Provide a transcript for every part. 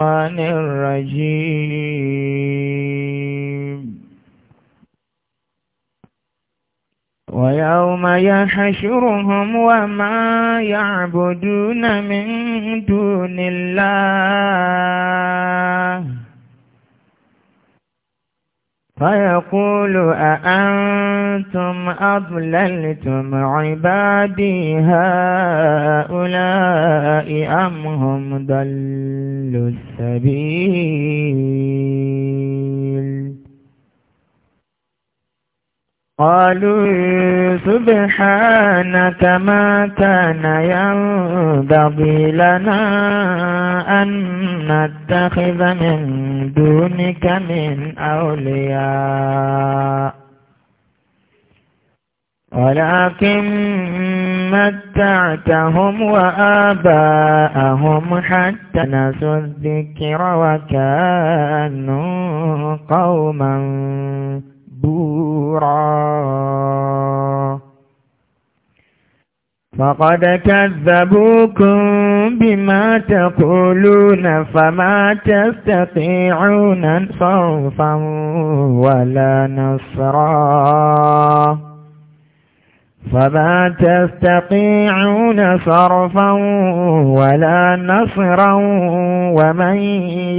الشيطان الرجيم ويوم يحشرهم وما يعبدون من دون الله فيقول أأنتم أضللتم عبادي هؤلاء أم هم ضلوا السبيل قالوا سبحانك ما كان ينبغي لنا أن نتخذ من دونك من أولياء ولكن متعتهم وآباءهم حتى نسوا الذكر وكانوا قوما دبورا فقد كذبوكم بما تقولون فما تستطيعون صرفا ولا نصرا فما تستطيعون صرفا ولا نصرا ومن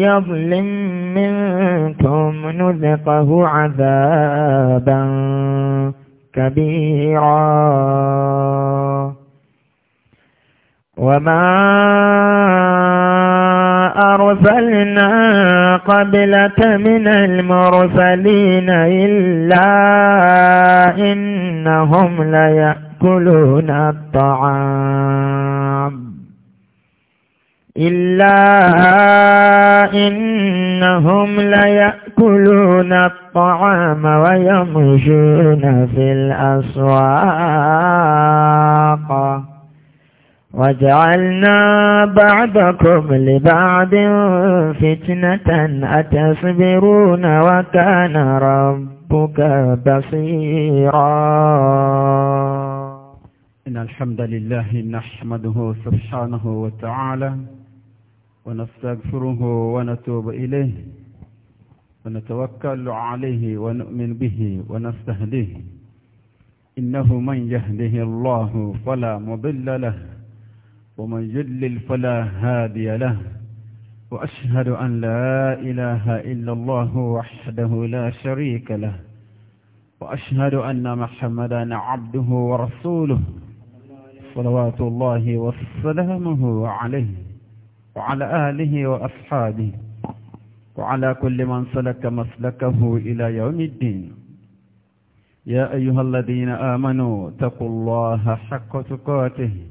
يظلم منكم نذقه عذابا كبيرا وما أرسلنا قبلك من المرسلين إلا إنهم ليأكلون الطعام إلا إنهم ليأكلون الطعام ويمشون في الأسواق وجعلنا بعضكم لبعض فتنة أتصبرون وكان ربك بصيرا إن الحمد لله نحمده سبحانه وتعالى ونستغفره ونتوب إليه ونتوكل عليه ونؤمن به ونستهديه إنه من يهده الله فلا مضل له ومن يدلل فلا هادي له وأشهد أن لا إله إلا الله وحده لا شريك له وأشهد أن محمدا عبده ورسوله صلوات الله وسلامه عليه وعلى آله وأصحابه وعلى كل من سلك مسلكه إلى يوم الدين يا أيها الذين آمنوا اتقوا الله حق تقاته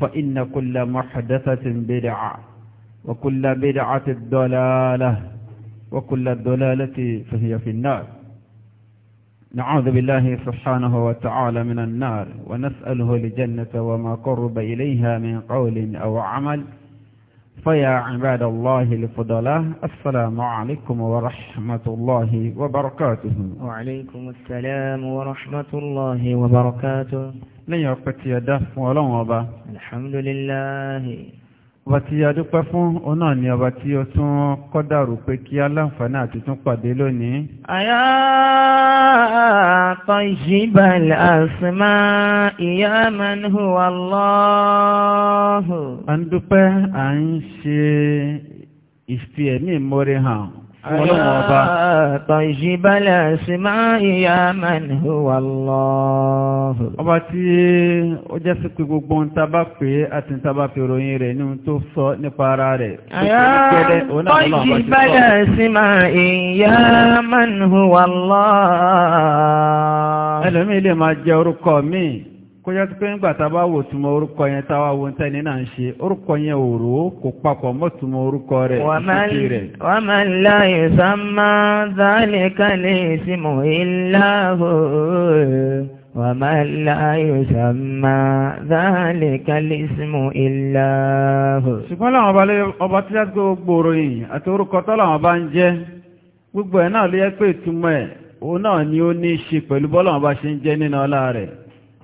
فإن كل محدثة بدعة وكل بدعة الضلالة وكل الضلالة فهي في النار نعوذ بالله سبحانه وتعالى من النار ونسأله الجنة وما قرب إليها من قول أو عمل فيا عباد الله الفضلاء السلام عليكم ورحمة الله وبركاته وعليكم السلام ورحمة الله وبركاته lẹ́yìn ọpẹ́ tí ẹ dá fún ọlọ́run ọba alhamdulillahi ọba tí a dúpẹ́ fún òun náà ni ọba tí ó tún kọ́dàrú pé kí aláǹfààní àti tún pàdé lónìí ayá tayyibal asma ya man huwa Allahu a ń dúpẹ́ à ń ṣe ìfi ẹ̀mí ìmọ̀re hàn ọlọ́wọ́ ọba. Tọ̀yìbálẹ̀ símá ìyá mẹ́nu wà lọ. Ọba tí ó jẹ́ sí pé gbogbo ń tábà pé àti ń tábà fi ròyìn rẹ̀ ní tó sọ nípa ara rẹ̀. Tọ̀yìbálẹ̀ símá ìyá mẹ́nu máa jẹ orúkọ kó yẹ pé ńgbà tá a bá wò túmọ̀ orúkọ yẹn tá wo tẹ́ni náà ń ṣe orúkọ yẹn ò rò ó kò papọ̀ mọ́ túmọ̀ orúkọ rẹ̀ ìṣèké rẹ̀. wa man la yusamma dhalika l-ismu illa hu wa man la yusamma dhalika l-ismu illa hu. ṣùgbọ́n láwọn ọba lé ọba tí wọ́n ti gbòòrò yìí àti orúkọ tó làwọn bá ń jẹ́ gbogbo ẹ̀ náà ló yẹ pé ìtumọ̀ ni ó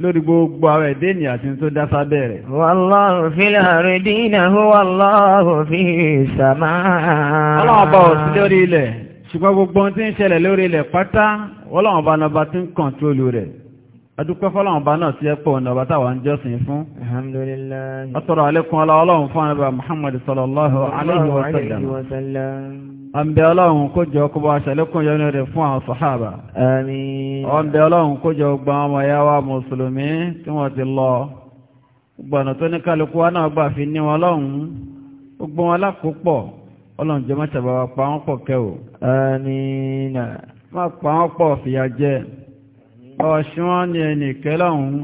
lórí gbogbo àwọn ẹ̀dẹ́ ènìyàn àti tó dá sábẹ́ rẹ̀. Wallahu fil ardina huwa Allahu fis samaa. Ọlọ́run bá ò sí lórí ilẹ̀, ṣùgbọ́n gbogbo ohun tí ń ṣẹlẹ̀ lórí ilẹ̀ adúpẹ́ fọ́lọ́mọba náà ti ẹ́pọ̀ ọ̀nà ọba táwà ń jọ́sìn fún alhamdulillah ọ̀tọ̀rọ̀ alẹ́kùn aláwọ̀lọ́run fún àrẹ́bà Muhammad sallallahu alaihi wa sallam àmbẹ̀ ọlọ́run kó jọ kó bá ṣàlékún yọnú rẹ̀ fún àwọn sàhábà àmín àmbẹ̀ ọlọ́run kó jọ gba ọmọ yáwà mùsùlùmí tí wọ́n ti pa wọ́n fìyà jẹ ọ̀ṣun ni ẹni kẹlọ́hun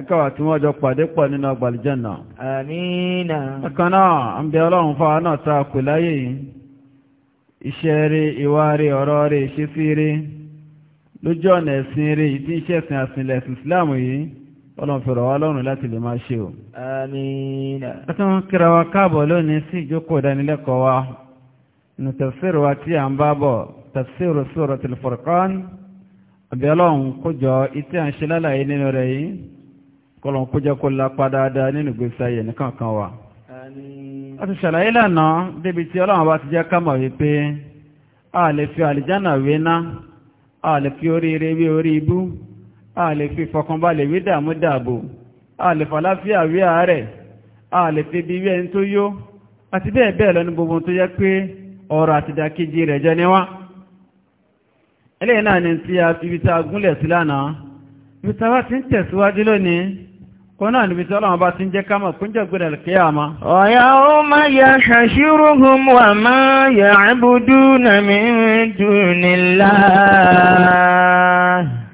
Ìkọ̀wà tí wọ́n jọ pàdé pọ̀ nínú ọgbàlìjẹ́nà. Àmìnà. Ẹkan náà, ń bẹ ọlọ́run fáwọn náà ta kù láyé yìí. Iṣẹ́ rí, ìwà rí, ọ̀rọ̀ rí, ìṣesí rí, lójú ọ̀nà ẹ̀sìn rí, ìdí iṣẹ́ ẹ̀sìn ẹ̀sìn Ìsìláàmù àbí ọlọ́run kójọ ìtí à ń ṣe lálàyé nínú rẹ̀ yìí kọlọ̀n kójọ kó lápá dáadáa nínú ìgbésí ayé nìkan kan wà. a ti ṣàlàyé lánàá débi tí ọlọ́run bá ti jẹ́ ká mọ̀ wípé a lè fi àlìjánà wé ná a lè fi oríire wé orí ibú a lè fi ìfọkànbalẹ̀ wé dààmú dààbò a lè fàlàáfíà wé àárẹ̀ a lè fi ibi wé ẹni tó yó àti bẹ́ẹ̀ bẹ́ẹ̀ lọ ní gbogbo tó yẹ pé ọ̀rọ̀ àtìdákejì rẹ̀ jẹ́ níwá. ẹlẹ́yìn náà ni tí a ibi a gúnlẹ̀ sí lánàá ibi bá ti ń tẹ̀síwájú lónìí kọ́ náà ni tí ọlọ́run bá ti ń jẹ́ ká mọ̀ ama. jẹ́ gbẹ̀rẹ̀ kíyàmá. ọ̀yà ó má yà ṣàṣírùhùn wà má yà ábùdú nàmí dùnìlá.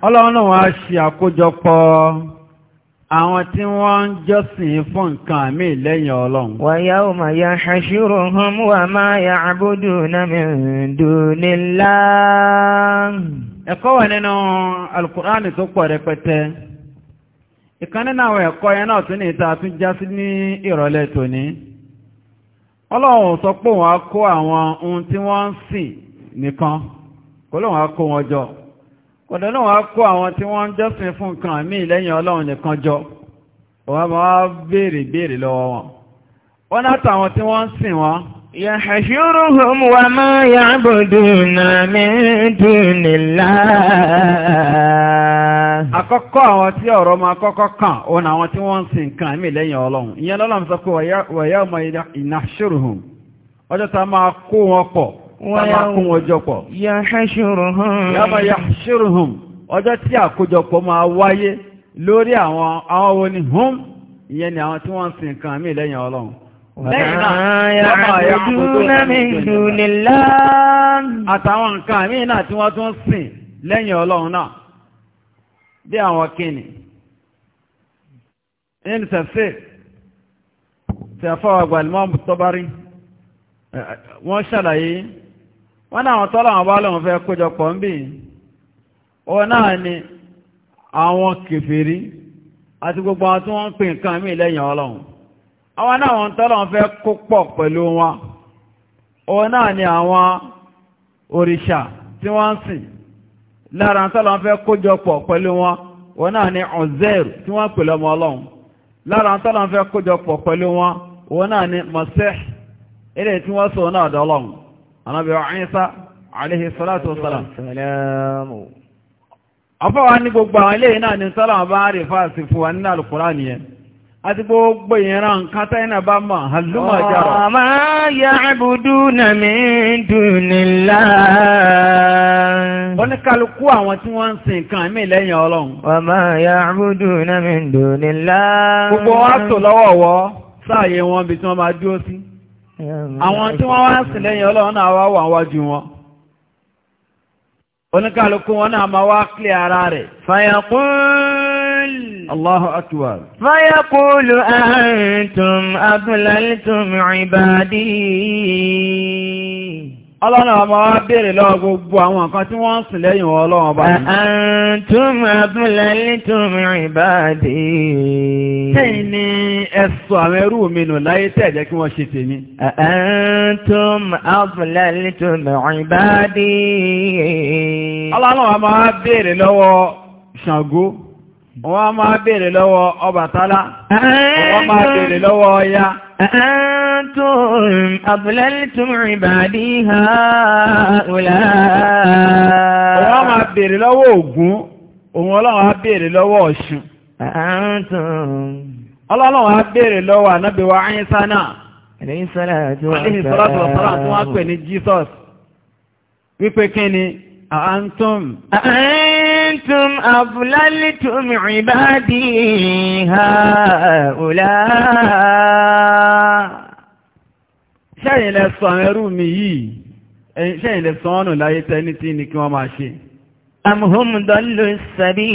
ọlọ́run náà wọ́n ṣe àkójọpọ̀ àwọn tí wọ́n ń jọ́sìn fún nǹkan àmì lẹ́yìn ọlọ́run. wa yawma yahshuruhum wa ma ya'buduna min dunillah. ẹ̀kọ́ wà nínú alukur'ani tó pọ̀ rẹpẹtẹ ìkan nínú àwọn ẹ̀kọ́ yẹn náà tún ní ìta tún já sí ní ìrọ̀lẹ́ tòní ọlọ́run sọ pé òun á kó àwọn ohun tí wọ́n ń sìn nìkan kó lóun á kó wọn jọ. kọ̀dọ̀ náà wá kó àwọn tí wọ́n ń jọ́sìn fún nǹkan míì lẹ́yìn ọlọ́run nìkan jọ wọ́n ma wá béèrè béèrè lọ́wọ́ wọn wọ́n látàwọn tí wọ́n ń sìn wọn يحشرهم وما يعبدون من دون الله Àkọ́kọ́ àwọn tí ọ̀rọ̀ máa kọ́kọ́ kàn òun àwọn tí wọ́n ń sin nǹkan mí lẹ́yìn ọlọ́run. Ìyẹn lọ́lọ́run sọ pé wa yawma nahshuruhum. Ọjọ́ ta máa Tàbákún ọjọ́pọ̀. Ya ṣẹ́ṣùrùhùn. Ya ya Ọjọ́ tí àkójọpọ̀ máa wáyé lórí àwọn àwọn ni hùn ìyẹn ni àwọn tí wọ́n ń sin nǹkan mí lẹ́yìn Ọlọ́run. Àtàwọn nǹkan mí náà tí wọ́n tún sìn lẹ́yìn Ọlọ́run náà. Bí àwọn kìnnì. Ẹni sẹ̀fẹ̀ tí a tọ́bárí. Wọ́n ṣàlàyé wọ́n náà tọ́lọ̀ àwọn bálọ̀ fẹ́ kójọpọ̀ ń bí o náà ni àwọn kèfèrí àti gbogbo àwọn tí wọ́n ń pè nǹkan mí lẹ́yìn ọlọ́run àwọn náà wọ́n tọ́lọ̀ fẹ́ kó pọ̀ pẹ̀lú wọn o náà ni àwọn òrìṣà tí wọ́n ń sìn lára fẹ́ kójọpọ̀ pẹ̀lú wọn o náà ni tí wọ́n pè lọ́mọ ọlọ́run lára Ànábì Ìsá alayhi salatu wa salam afọ́wà ní gbogbo àwọn ilé náà ni sọ́lọ̀ bá rí fásí fún wa nínú Al-Qur'an nìyẹn àti gbogbo ìran nǹkan tẹ́yìn bá mọ̀ àlúmọ̀ jàrọ̀. Wa ma ya'buduna min dunillah. ó ní kálukú àwọn tí sin nǹkan mí lẹ́yìn ọlọ́run. Wa ma ya'buduna min dunillah. gbogbo wa tò lọ́wọ́wọ́ sáàyè wọn bí tí wọ́n máa dúró sí àwọn tí wọ́n wá sí lẹ́yìn ọlọ́run náà wá wà wájú wọn oníkàlùkù wọn náà máa wá kílẹ̀ ara rẹ̀ fayakul Allahu akbar fayakulu antum adlaltum Ọlọ́run ọmọ wa béèrè lọ́wọ́ gbogbo àwọn nǹkan tí wọ́n ń sìn lẹ́yìn Ọlọ́run bá. Àǹtún àbúlẹ̀ nítorí ìbáàdì. Tẹ́yìn ni ẹ̀sọ́ àwọn ẹrú mi nù láyé tẹ̀jẹ́ kí wọ́n ṣe tèmi. Àǹtún àbúlẹ̀ nítorí ìbáàdì. Ọlọ́run ọmọ wa béèrè lọ́wọ́ Ṣàngó. أأنتم أضللتم عبادي هؤلاء wọ́n máa béèrè ọlọ́run á lọ́wọ́ أأنتم ọlọ́run á béèrè lọ́wọ́ ànábì عليه الصلاة والسلام tí wọ́n أأنتم أأنتم أضللتم عبادي هؤلاء ṣẹ́yìn lẹ sọ àwọn ẹrú mi yìí ṣẹ́yìn lẹ sọ ọ́nà láyé tẹ́ni tí ní kí wọ́n máa ṣe amhum dọ́lù sàbí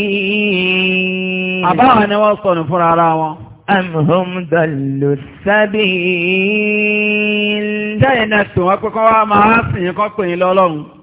àbáwọn ṣẹ́yìn lẹ sọ wá máa sìn kọ́ pè ní lọ́lọ́run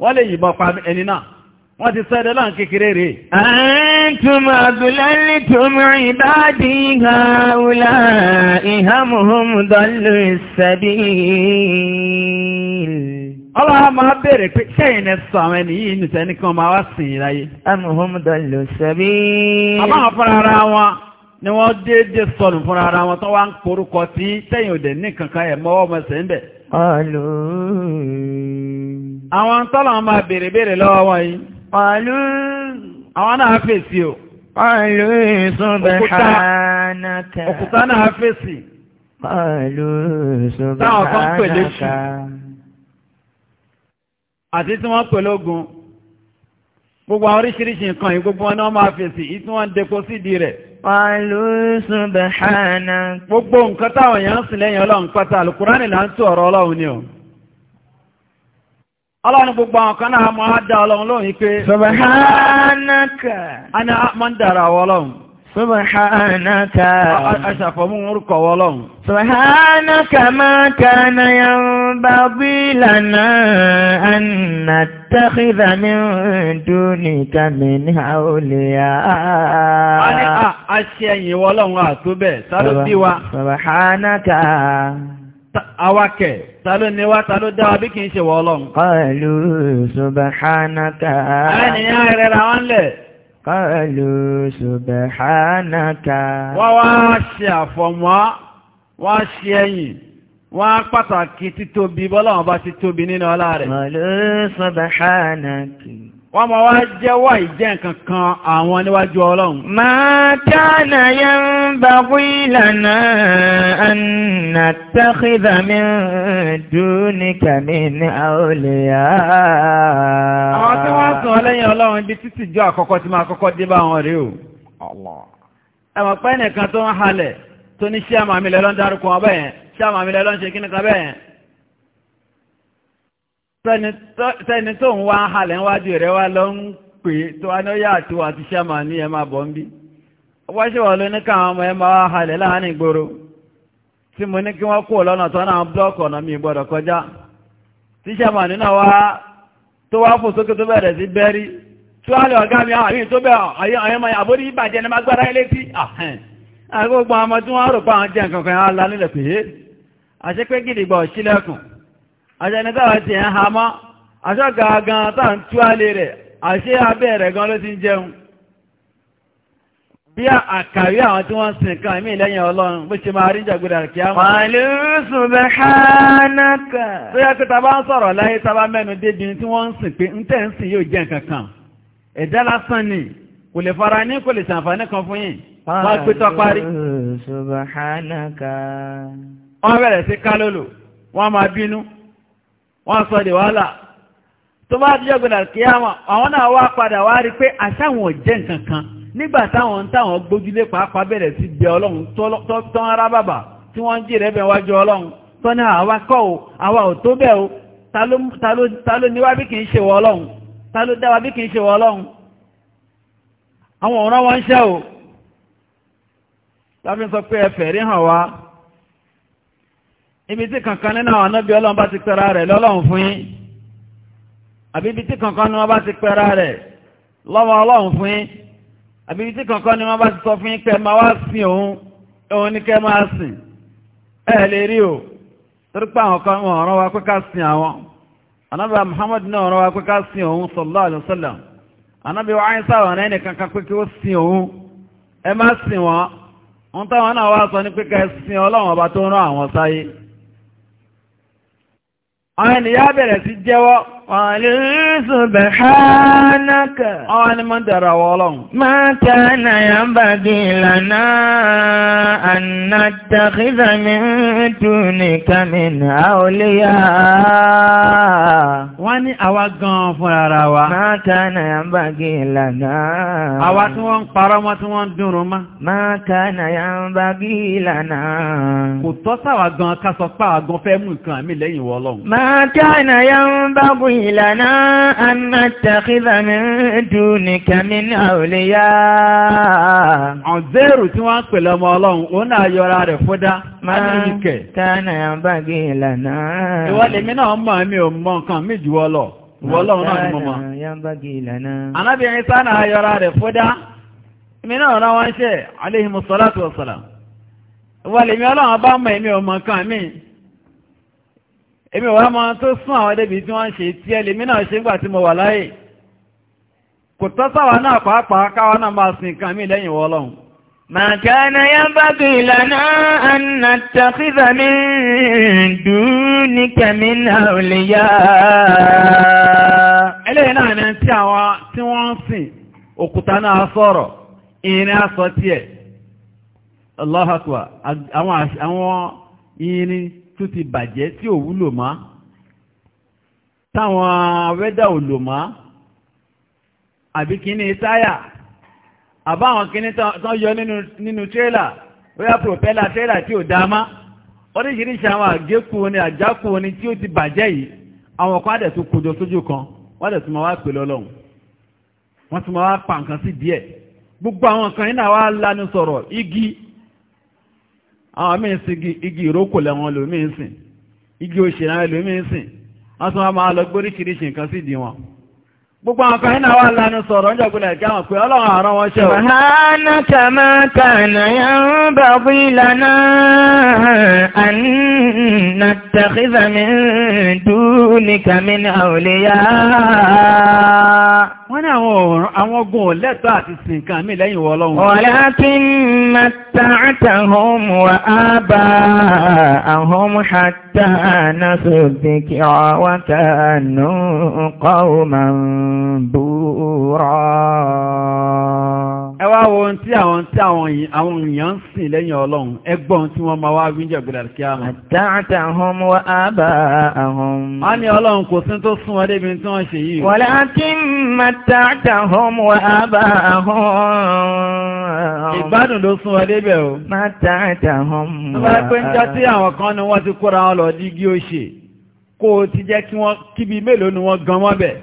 wọ́n lè yìnbọn pa ẹni náà wọ́n ti sẹ́dẹ̀ láà kékeré rẹ̀. àtúmọ̀ àdúlẹ́lì tó mìíràn ìbáàdì ìhà ọ̀la ìhà mọ̀húnmù dọ́lù ìsẹ̀bí. ọlọ́wọ́ máa bèèrè pé sẹ́yìn ẹ sọ àwọn ẹni yìí nìṣẹ́ ní kan máa wá sìn yìí láyé. mọ̀húnmù dọ́lù àmọ́ àwọn fúnra ara wọn ni wọ́n déédéé sọnù fúnra ara wọn tó wá ń korúkọ tí sẹ́yìn òde ní kankan ẹ̀ mọ́wọ́ mọ́ àwọn tọ́lọ̀ máa bèèrè bèèrè lọ́wọ́ wọn yìí pàlú àwọn náà fèsì o Okuta! subhanaka òkúta náà fèsì pàlú subhanaka táwọn kan pèlè ogun gbogbo àwọn oríṣiríṣi nǹkan yìí gbogbo wọn náà máa fèsì yìí tí wọ́n depo sídìí rẹ̀ gbogbo nǹkan táwọn èèyàn ń sìn lẹ́yìn ọlọ́run pátá al là ń tó o Ọlọ́run gbogbo àwọn kan náà mọ́ á dá ọlọ́run lóhun yí pé, Subhanaka. A ní a máa ń dára wọ́ ọlọ́run. Subhanaka. Aṣàfọ̀mú orúkọ wọ́ ọlọ́run. Subhanaka máa kana yanbaghi lana an nattakhidha min dunika min awliya. A ní a ṣe ẹ̀yìn àtúbẹ̀, sálóbí awakẹ̀ ta ló ni wá ta ló dá wa bí kìí ṣe wọ ọlọ́run. kọlu subhanaka. ẹnìyàn rẹ̀ ra wọ́n lẹ̀. kọlu subhanaka. wọ́n wá ṣe àfọ̀mọ́ wọ́n ṣe ẹ̀yìn wọ́n pàtàkì títóbi bọ́lá bá ti nínú ọlá rẹ̀. kọlu subhanaka wọ́n ma wá jẹ́wọ́ ìjẹ́ nǹkan kan àwọn níwájú ọlọ́run. máa kánà yẹ ń bá kú ìlànà ànà tẹ́kìdà mi dùn ní kàmí ní àólèyà. àwọn tí wọ́n sùn lẹ́yìn ọlọ́run bí títí jọ àkọ́kọ́ tí máa kọ́kọ́ dé bá wọn rí o. ẹ̀wọ̀n pẹ́ nìkan tó ń halẹ̀ tó ní ṣé àmàmì lẹ́lọ́ ń darúkọ ọbẹ̀ yẹn ṣé àmàmì lẹ́lọ́ ń ṣe kíníkan tẹni tó ń wá ń halẹ̀ níwájú lọ ń pè tó wá ní ó àti ti ṣẹ́mà ní ẹ bọ̀ ń bí ọwọ́ ṣe ló ní káwọn ọmọ ẹ máa halẹ̀ láàárín ìgboro tí mo ní kí wọ́n kó lọ́nà tó náà kọjá tí ṣẹ́mà wa tó wá fò sókè tó bẹ̀rẹ̀ sí bẹ́rí tó wá lè ọ̀gá mi àmì tó bẹ̀ àṣẹnitáwà ti ń ha mọ́ aṣọ́gà gan tá tú alé rẹ̀ àṣẹ abẹ́ gan ló ti ń jẹun bí àkàrí àwọn tí wọ́n sin kan ìmí lẹ́yìn ọlọ́run bó ṣe máa rí jàgbéra kí á mọ̀. pàlú subhanaka. tó yẹ kí taba ń sọ̀rọ̀ láyé taba mẹ́nu débi tí wọ́n ń sìn pé ń tẹ̀ ń sìn yóò jẹ́ nǹkan kan ẹ̀dá lásán ni kò lè fara ní kò lè ṣàǹfààní kan fún yín wọ́n pé tọ́ parí. pàlú subhanaka. wọ́n bẹ̀rẹ̀ sí kálólò wọ́n máa bínú wọ́n sọ di wàhálà tó bá ti jọ́gbìn àkíyàmà àwọn náà wá padà wá rí pé àṣàwọn òjẹ́ nǹkan kan nígbà táwọn ń táwọn gbójúlé pàápàá bẹ̀rẹ̀ sí bẹ ọlọ́run tán ara bàbà tí wọ́n ń jì rẹ̀ bẹ̀ wájú ọlọ́run tán ní àwa kọ́ o àwa ò tó bẹ́ẹ̀ o ta ló níwá bí kì í ṣe wọ ọlọ́run ta ló dáwà bí kì í ṣe wọ ọlọ́run àwọn ọ̀ràn wọn ń ṣẹ́ o láfi sọ pé ẹfẹ̀ rí hàn wá ibi tí kankan nínú àwọn anábí ọlọ́run bá ti pẹ̀ra rẹ̀ lọ́lọ́run fún yín àbí ibi tí kankan nínú wọn bá ti pẹ̀ra rẹ̀ lọ́wọ́ ọlọ́run fún yín àbí ibi tí kankan nínú bá ti sọ fún yín si máa wá sìn òun òun ní kẹ́ máa sìn lè rí o torí pé àwọn kan wọn ọ̀rọ̀ wa pé ká sìn Muhammad náà ọ̀rọ̀ wa pé ká sìn òun wa sáwọn kankan pé kí ó sìn òun ẹ má sìn wọn ohun táwọn náà wá àwọn ènìyàn bẹ̀rẹ̀ sí jẹ́wọ́ قالوا سبحانك أولا من درى والله ما كان ينبغي لنا أن نتخذ من دونك من أولياء wọ́n ní àwa gan fún ara wa ما كان ينبغي لنا àwa tí wọ́n ń parọ́ mọ́ tí wọ́n ń dúnrún mọ́ ما كان ينبغي لنا kò tọ́ sáwà gan ká sọ pé àwa ما كان ينبغي لنا أن نتخذ من دونك من أولياء عزير توانك لما الله ونا يرى رفضا ما كان ينبغي لنا ìwọ́lẹ̀ mi náà mọ̀ mi ò mọ̀ nǹkan mi jù ọ lọ ìwọ́lọ́run náà ni mo mọ̀ anábìnrin sáà náà yọra rẹ̀ fódá mi náà rán wọ́n ṣe aléhìmọ̀ sọ́lá tó sọ́lá ìwọ́lẹ̀ mi ọlọ́run bá mọ̀ mi ò mọ̀ nǹkan mi èmi wá máa tó sún àwọn ẹdẹ́bì tí wọ́n ń ṣe tí ẹlẹ́mí náà ṣe gbà tí mo wà láyé kò tọ́ sáwà náà pàápàá káwa náà máa sin nǹkan mí lẹ́yìn wọ́ lọ́hùn. ما كان ينبغي لنا أن نتخذ من دونك من أولياء eléyìí náà ni tí àwọn tí wọ́n ń sìn òkúta náà sọ̀rọ̀ àwọn tó ti bàjẹ́ tí ò wúlò mọ́ táwọn wẹ́dà ò lò mọ́ àbí kíní táyà àbáwọn kíní tán yọ nínú tírélà wẹ́yà pòpẹ́là tírélà tí ò dáa mọ́ oríṣiríṣi àwọn àgékù ni àjákù ni tí ó ti bàjẹ́ yìí àwọn ọkọ̀ àdẹ̀ tó kojọ sójú kan wọ́n dẹ̀ tún máa wá pè lọ́lọ́run wọ́n tún máa wá pa nǹkan sí díẹ̀ gbogbo àwọn kan yìí náà wá lanu sọ̀rọ̀ igi àwọn míì sí igi ìrókò lẹ́wọ̀n lòmíì sìn igi òṣèrè lòmíì sìn wọ́n tún máa lọ gbóríṣiríṣi nǹkan sí ìdí wọn gbogbo àwọn kan náà wà lánà sọ̀rọ̀ ń ìkẹ́ àwọn pé ọlọ́run àárán wọn ṣe o. wọ́n ní àwọn ogun ọ̀lẹ́tọ́ àti sìnkan mí lẹ́yìn wọ́lọ́run. Walakin matta'tahum wa aba'ahum hatta nasu ẹ wá wo ohun tí àwọn tí àwọn èèyàn ń sìn lẹ́yìn ọlọ́run ẹgbọ́n tí wọ́n máa wá wíńjẹ̀ gbọ́dọ̀ kí á mọ̀. àtàtà hàn wọ́n á bá a hàn. a ní ọlọ́run kò sí tó sún wọn débi tí wọ́n ṣe yìí. wọ́n á ti mà tàtà hàn wọ́n á bá ìgbádùn ló sún wọn débẹ̀ o. mà tàtà hàn wọ́n á bá a ń jọ tí àwọn kan ni wọ́n ti kóra wọn lọ dígí ó ṣe kó o ti jẹ́ kí wọ́n kíbi mélòó ni wọ́n gan mọ́bẹ̀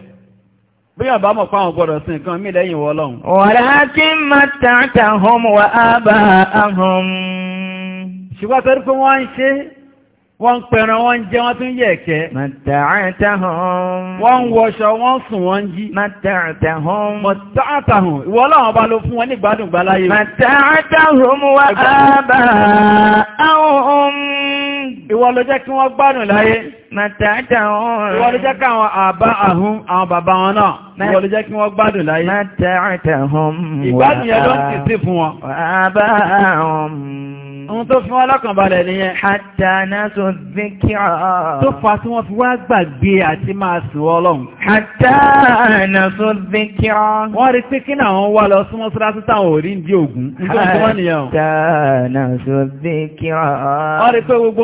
bóyá bá mọ̀ fáwọn gbọ́dọ̀ sí nǹkan mí lẹ́yìn wọ lọ́hun. ọ̀rá kí má tààtà hàn wà á bá ahùn. ṣùgbọ́n torí pé wọ́n ń ṣe wọ́n ń pẹran wọ́n ń jẹ wọ́n tún yẹ̀ ẹ̀kẹ́. má hàn. wọ́n ń wọṣọ wọ́n sùn wọ́n jí. má hàn. má hàn ìwọ Ìwọ ló jẹ́ kí wọ́n gbádùn láyé. Màtàtà ọ̀hún. Ìwọ ló jẹ́ kí àwọn àbá àhún àwọn bàbá wọn náà. Ìwọ ló jẹ́ kí wọ́n gbádùn láyé. Ìgbádùn yẹn ló ń tìsí fún wọn. Ohun tó fún ọlọ́kànbalẹ̀ nìyẹn. Àtànà tó zíkìrà. Tó fa tí wọ́n fi wá gbàgbé àti máa sùn ọlọ́run. Àtànà tó zíkìrà. Wọ́n rí pé kí náà wọ́n wá lọ súnmọ́ súnra sí táwọn òrí ń di ògùn. Àtànà tó Wọ́n rí pé gbogbo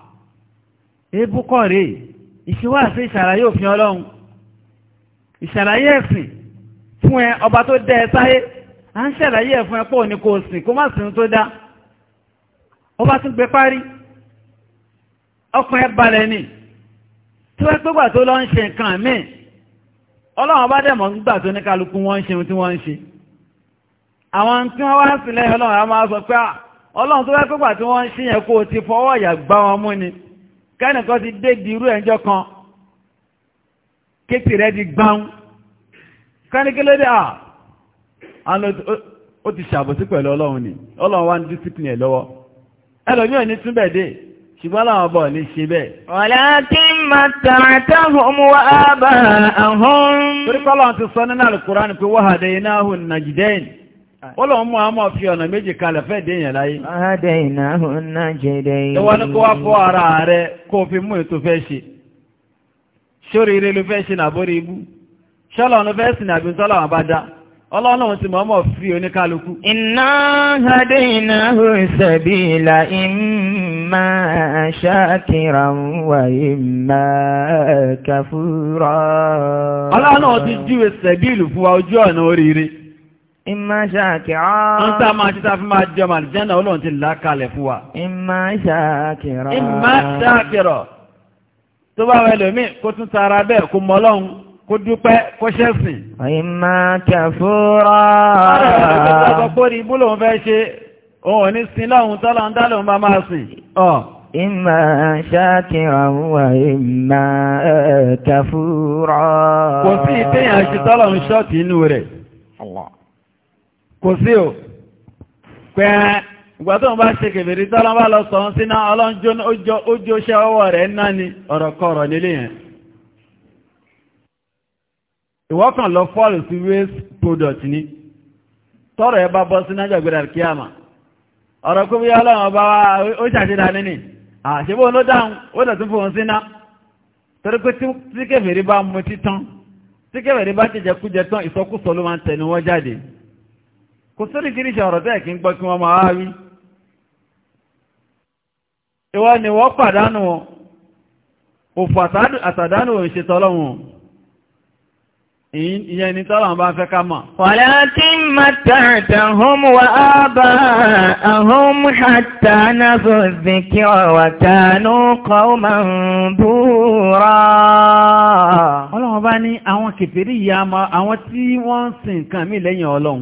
ebú kọ̀ rèé ìṣíwáṣí ìṣàlàyé òfin ọlọ́run ìṣàlàyé ẹ̀sìn fún ẹ ọba tó dẹ ẹ sáyé à ń ṣàlàyé ẹ̀ ẹ pọ̀ ní kò sìn kó má sìn tó dá ọba tún gbé parí ọkùnrin balẹ̀ ni tí wọ́n gbégbà tó lọ ń ṣe nǹkan míì ọlọ́run bá dẹ̀ mọ̀ nígbà tó ní kálukú wọ́n ń ṣe ohun tí wọ́n ń ṣe àwọn tí wọ́n wá sílẹ̀ ọlọ́run á máa sọ pé ọlọ́run tó wá gbégbà tí wọ́n ń ṣe yẹn kó o ti fọwọ́ ọ̀yà gbá wọn mú ni. kan ti dé di irú ẹ̀ńjọ́ kan kéèkì rẹ̀ di gbọ́n kẹ́nìkẹ́lẹ́dẹ́ à ó ti ṣàbòsí pẹ̀lú ọlọ́run ni ọlọ́run wá ní discipline ẹ̀ lọ́wọ́ ẹlòmí ò ní túnbẹ̀ dé ṣùgbọ́n láwọn bọ̀ ní ṣe bẹ́ẹ̀. ọ̀lá tí màtàtàhùn wa torí ti sọ nínú pé Ọlọ́run mú àmọ́ fi ọ̀nà méjì kalẹ̀ fẹ́ dèèyàn láyé. Ọ̀hádẹ ìnáhù náà jẹ́dẹ ìlú. Ìwọ́n ní kó wá fọ́ ara rẹ kó fi mú ètò fẹ́ ṣe. Ṣórí ire ló fẹ́ ṣe nàbórí ibú. Ṣọ́lọ́run fẹ́ bá dá. Ọlọ́run ti mọ́mọ́ fi oníkálukú. Ọlọ́run ti júwe sẹ̀bílù fún wa ojú ọ̀nà oríire. Ìmá ṣàkìrá. Ń tá máa títà fún máa jọ màá jẹ́nà olóhun ti lákàlẹ̀ fún wa. Ìmá ṣàkìrá. Ìmá ṣàkìrá. Tó bá wẹ lòmí kó tún tara bẹ́ẹ̀ kó mọ Ọlọ́run kó dúpẹ́ kó ṣẹ̀sìn. Ìmá kẹfúrá. Ìmá ṣàkìrá Kò sí ìtẹ̀yàn ṣe tọ́lọ́ ń ṣọ́ọ̀tì kò sí o pẹ́ ìgbà tó ń bá ṣe kèfèrí tọ́lọ́ bá lọ sọ̀rọ̀ síná ọlọ́njọ́ ojú ṣe ọwọ́ rẹ̀ náà ni ọ̀rọ̀kọ̀ọ̀rọ̀ nílé yẹn ìwọ́kàn lọ fọ́ọ̀lù sí waste product ni tọ́rọ̀ ẹ bá bọ́ sí náà jọ̀gbẹ̀rẹ̀ kíámà ọ̀rọ̀ kó bí ọlọ́run kò sóríṣiríṣi ọ̀rọ̀ tẹ́ẹ̀ kí ń gbọ́ kí wọ́n máa rí ìwọ ni wọ́n pàdánù òfò àtàdánù òṣètò ọlọ́run ìyẹn ni tọ́lọ̀ bá fẹ́ ká mọ̀. wàlá bá ní àwọn kèfèrí ìyá àwọn tí wọ́n sìn kan mí lẹ́yìn ọlọ́run